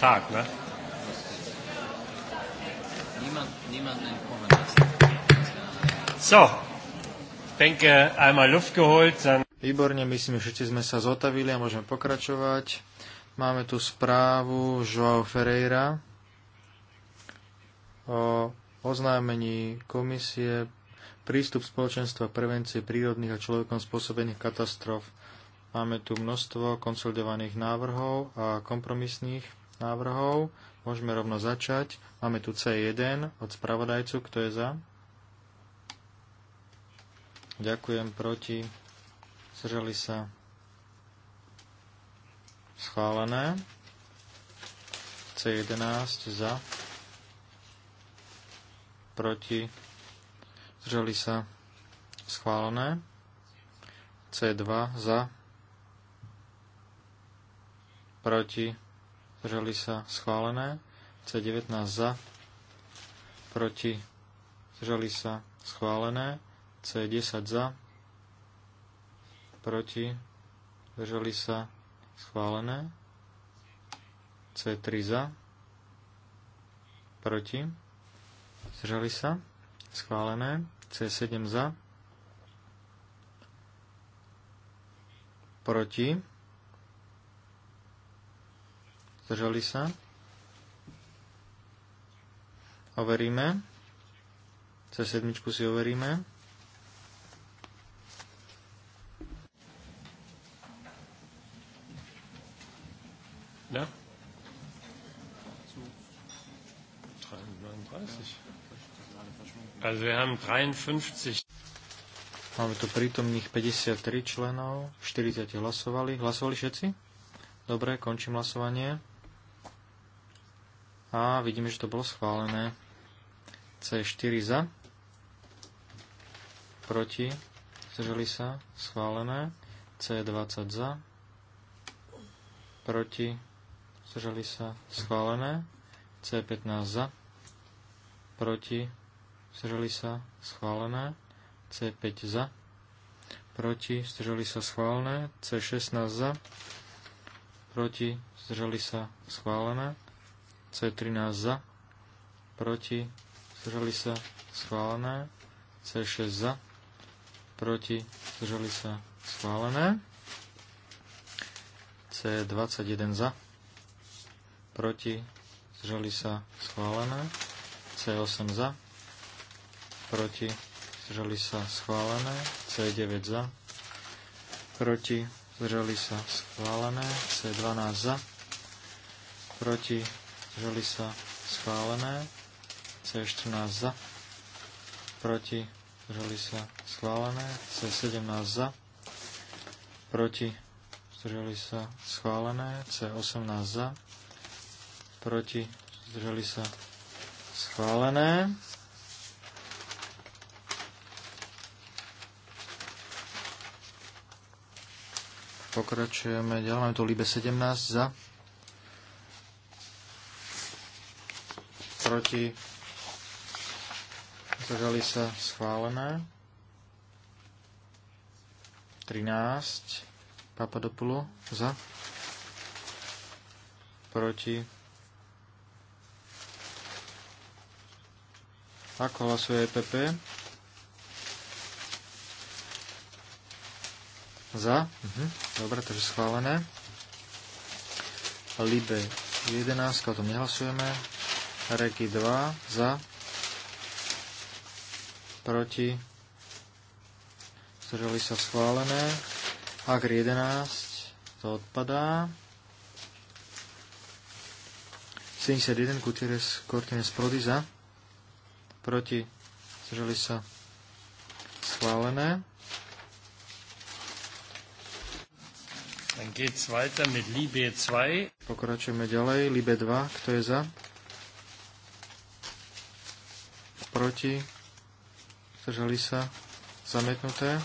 Tag, ne? Niemand, niemand entkommen So, denke, einmal Luft geholt, dann... Výborne, myslím, že všetci sme sa zotavili a môžeme pokračovať. Máme tu správu Joao Ferreira o oznámení komisie prístup spoločenstva prevencie prírodných a človekom spôsobených katastrof. Máme tu množstvo konsolidovaných návrhov a kompromisných návrhov. Môžeme rovno začať. Máme tu C1 od spravodajcu. Kto je za? Ďakujem. Proti? Zdržali sa? Schválené. C11 za? Proti? Zdržali sa? Schválené. C2 za? Proti? Zdržali sa schválené. C19 za. Proti. Zdržali sa schválené. C10 za. Proti. Zdržali sa schválené. C3 za. Proti. Zdržali sa. Schválené. C7 za. Proti zdržali sa. Overíme. c sedmičku si overíme. Ja. Also wir haben 53. Máme tu prítomných 53 členov, 40 hlasovali. Hlasovali všetci? Dobre, končím hlasovanie. A vidíme, že to bolo schválené. C4 za. Proti. Zdrželi sa. Schválené. C20 za. Proti. Zdrželi sa. Schválené. C15 za. Proti. Zdrželi sa. Schválené. C5 za proti, Zdrželi sa schválené, C16 za, proti, Zdrželi sa schválené, C13 za, proti, zdržali sa, schválené. C6 za, proti, zdržali sa, schválené. C21 za, proti, zdržali sa, schválené. C8 za, proti, zdržali sa, schválené. C9 za, proti, zdržali sa, schválené. C12 za, proti, zdržali sa schválené, C14 za, proti, zdržali sa schválené, C17 za, proti, zdržali sa schválené, C18 za, proti, zdržali sa schválené. Pokračujeme ďalej, máme tu Libe 17 za, proti, zdržali sa schválené. 13, Papadopulo za, proti. Ako hlasuje EPP? Za. Mhm. Dobre, takže schválené. Libe 11, o tom nehlasujeme. Regi 2 za, proti, zdržali sa schválené. Agri 11, to odpadá. 71 Gutierrez Cortines Prody za, proti, zdržali sa schválené. Dann geht's weiter mit 2. Pokračujeme ďalej. Libe 2, kto je za? proti, zdržali sa, zametnuté.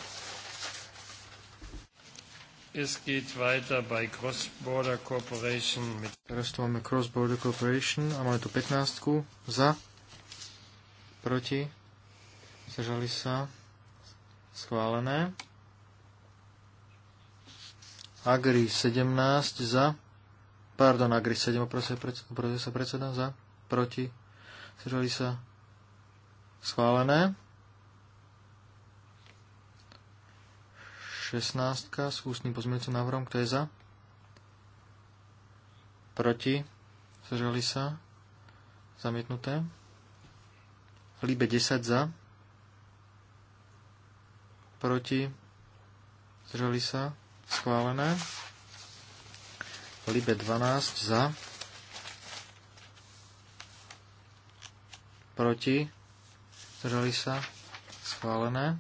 Es geht weiter bei Cross-Border Corporation. Mit Teraz tu máme Cross-Border Corporation a máme tu 15 za, proti, zdržali sa, schválené. Agri 17 za, pardon, Agri 7, prosím, prosím sa predseda za, proti, zdržali sa, Schválené. 16 s ústnym pozmeňujúcim návrhom. Kto je za? Proti? Zdržali sa? Zamietnuté. Líbe 10 za. Proti? Zdržali sa? Schválené. Libe 12 za. Proti? Zdržali sa? Schválené.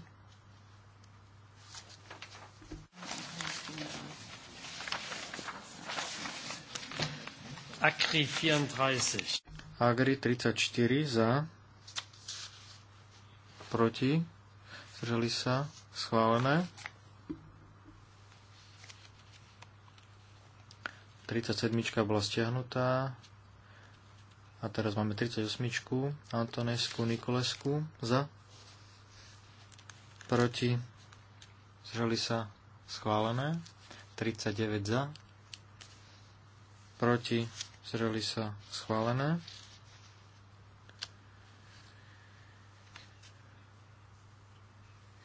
Agri 34. Agri 34 za. Proti. Zdržali sa. Schválené. 37 bola stiahnutá. A teraz máme 38. Antonesku Nikolesku za. Proti. Zdržali sa schválené. 39 za. Proti. Zdržali sa schválené.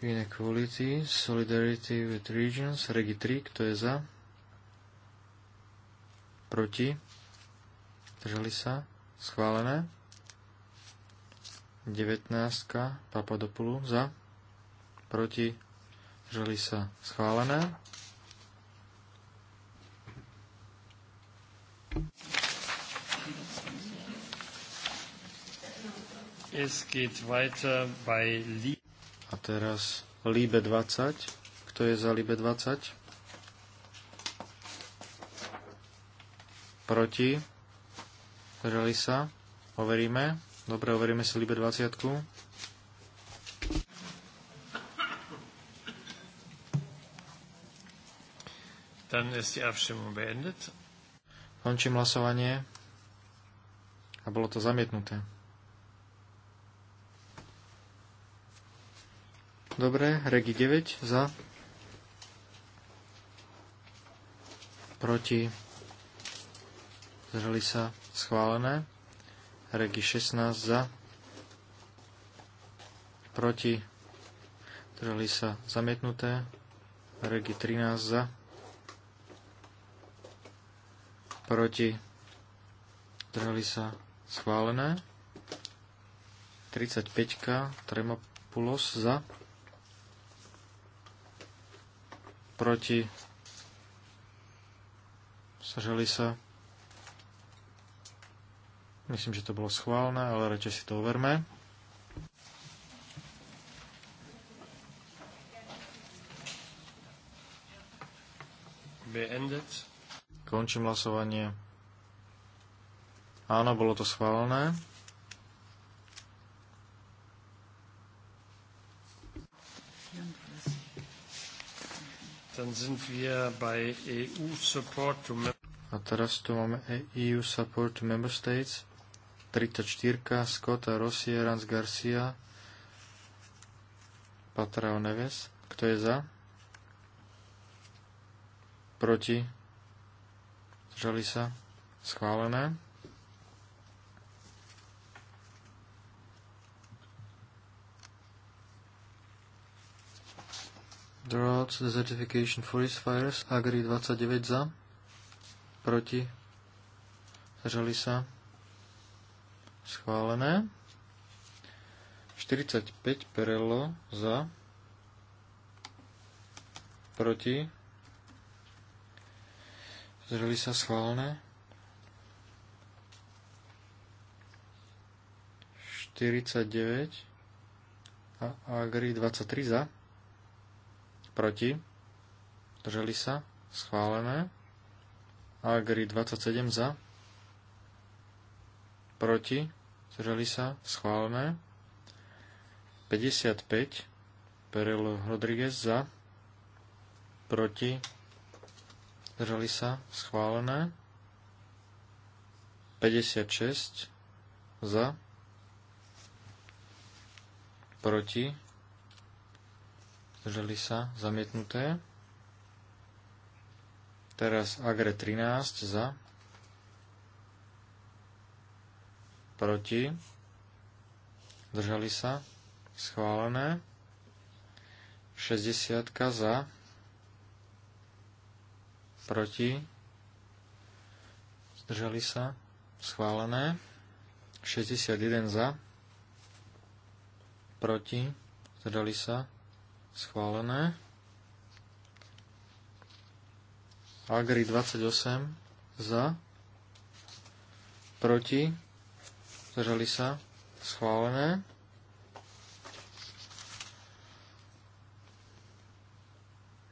Inequality, Solidarity with Regions, Regi 3, kto je za? Proti? Držali sa? Schválené. 19. Papadopoulou za. Proti. Želi sa. Schválené. Es geht weiter bei Lie A teraz Liebe 20. Kto je za Liebe 20? Proti Zdržali sa? Overíme. Dobre, overíme si Libe 20. Dann ist die Abstimmung beendet. Končím hlasovanie. A bolo to zamietnuté. Dobre, Regi 9 za. Proti. Zreli sa schválené. Regi 16 za, proti, Trhli sa zamietnuté. Regi 13 za, proti, Trhli sa schválené. 35 Tremopulos za, proti, Sažali sa schválené Myslím, že to bolo schválne, ale radšej si to overme. Beendet. Končím hlasovanie. Áno, bolo to schválené. Dann sind wir bei EU Support to A teraz tu máme EU Support to Member States. 34. Scotta Rossi, Rans Garcia Patrao Neves. Kto je za? Proti? Zdržali sa? Schválené. Draw the certification forest fires. Agri 29 za. Proti. Zdržali sa. Schválené. 45 perelo za. Proti. zreli sa schválené. 49 a Agri 23 za. Proti. zreli sa. Schválené. Agri 27 za. Proti zdržali sa, schválené. 55, Perel Rodriguez za, proti, zdržali sa, schválené. 56, za, proti, zdržali sa, zamietnuté. Teraz Agre 13 za, proti, zdržali sa, schválené. 60 za, proti, zdržali sa, schválené. 61 za, proti, zdržali sa, schválené. Agri 28 za, proti, Zdržali sa? Schválené.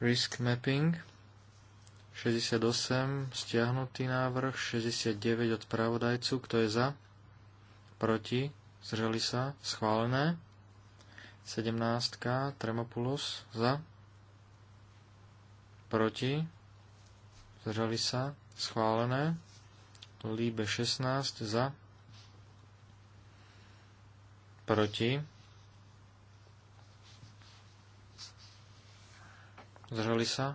Risk mapping. 68, stiahnutý návrh, 69 od pravodajcu, kto je za? Proti? Zdržali sa? Schválené. 17, Tremopulus, za? Proti? Zdržali sa? Schválené. Líbe 16, za? proti, zdržali sa,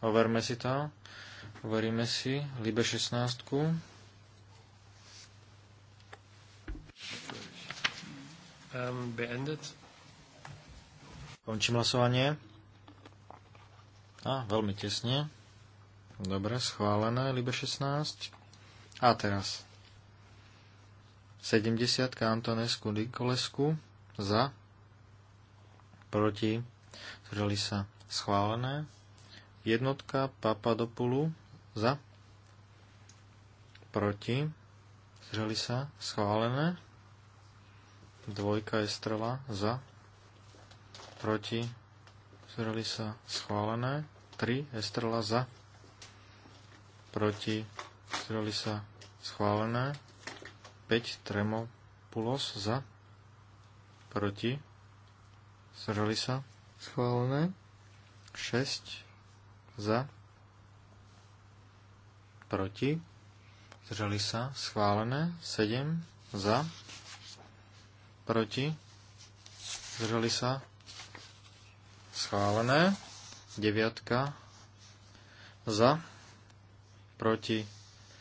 overme si to, overíme si, Libe 16. Ähm, beendet. Končím hlasovanie. A, veľmi tesne. Dobre, schválené, Libe 16. A teraz 70 Antonesku Nikolesku za, proti, zdržali sa schválené. Jednotka Papadopulu za, proti, zdržali sa schválené. Dvojka Estrela za, proti, zdržali sa schválené. 3 Estrela za, proti, zdržali sa schválené. 5 Tremopulos za, proti, zdržali sa, schválené. 6 za, proti, zdržali sa, schválené. 7 za, proti, zdržali sa, schválené. 9 za, proti,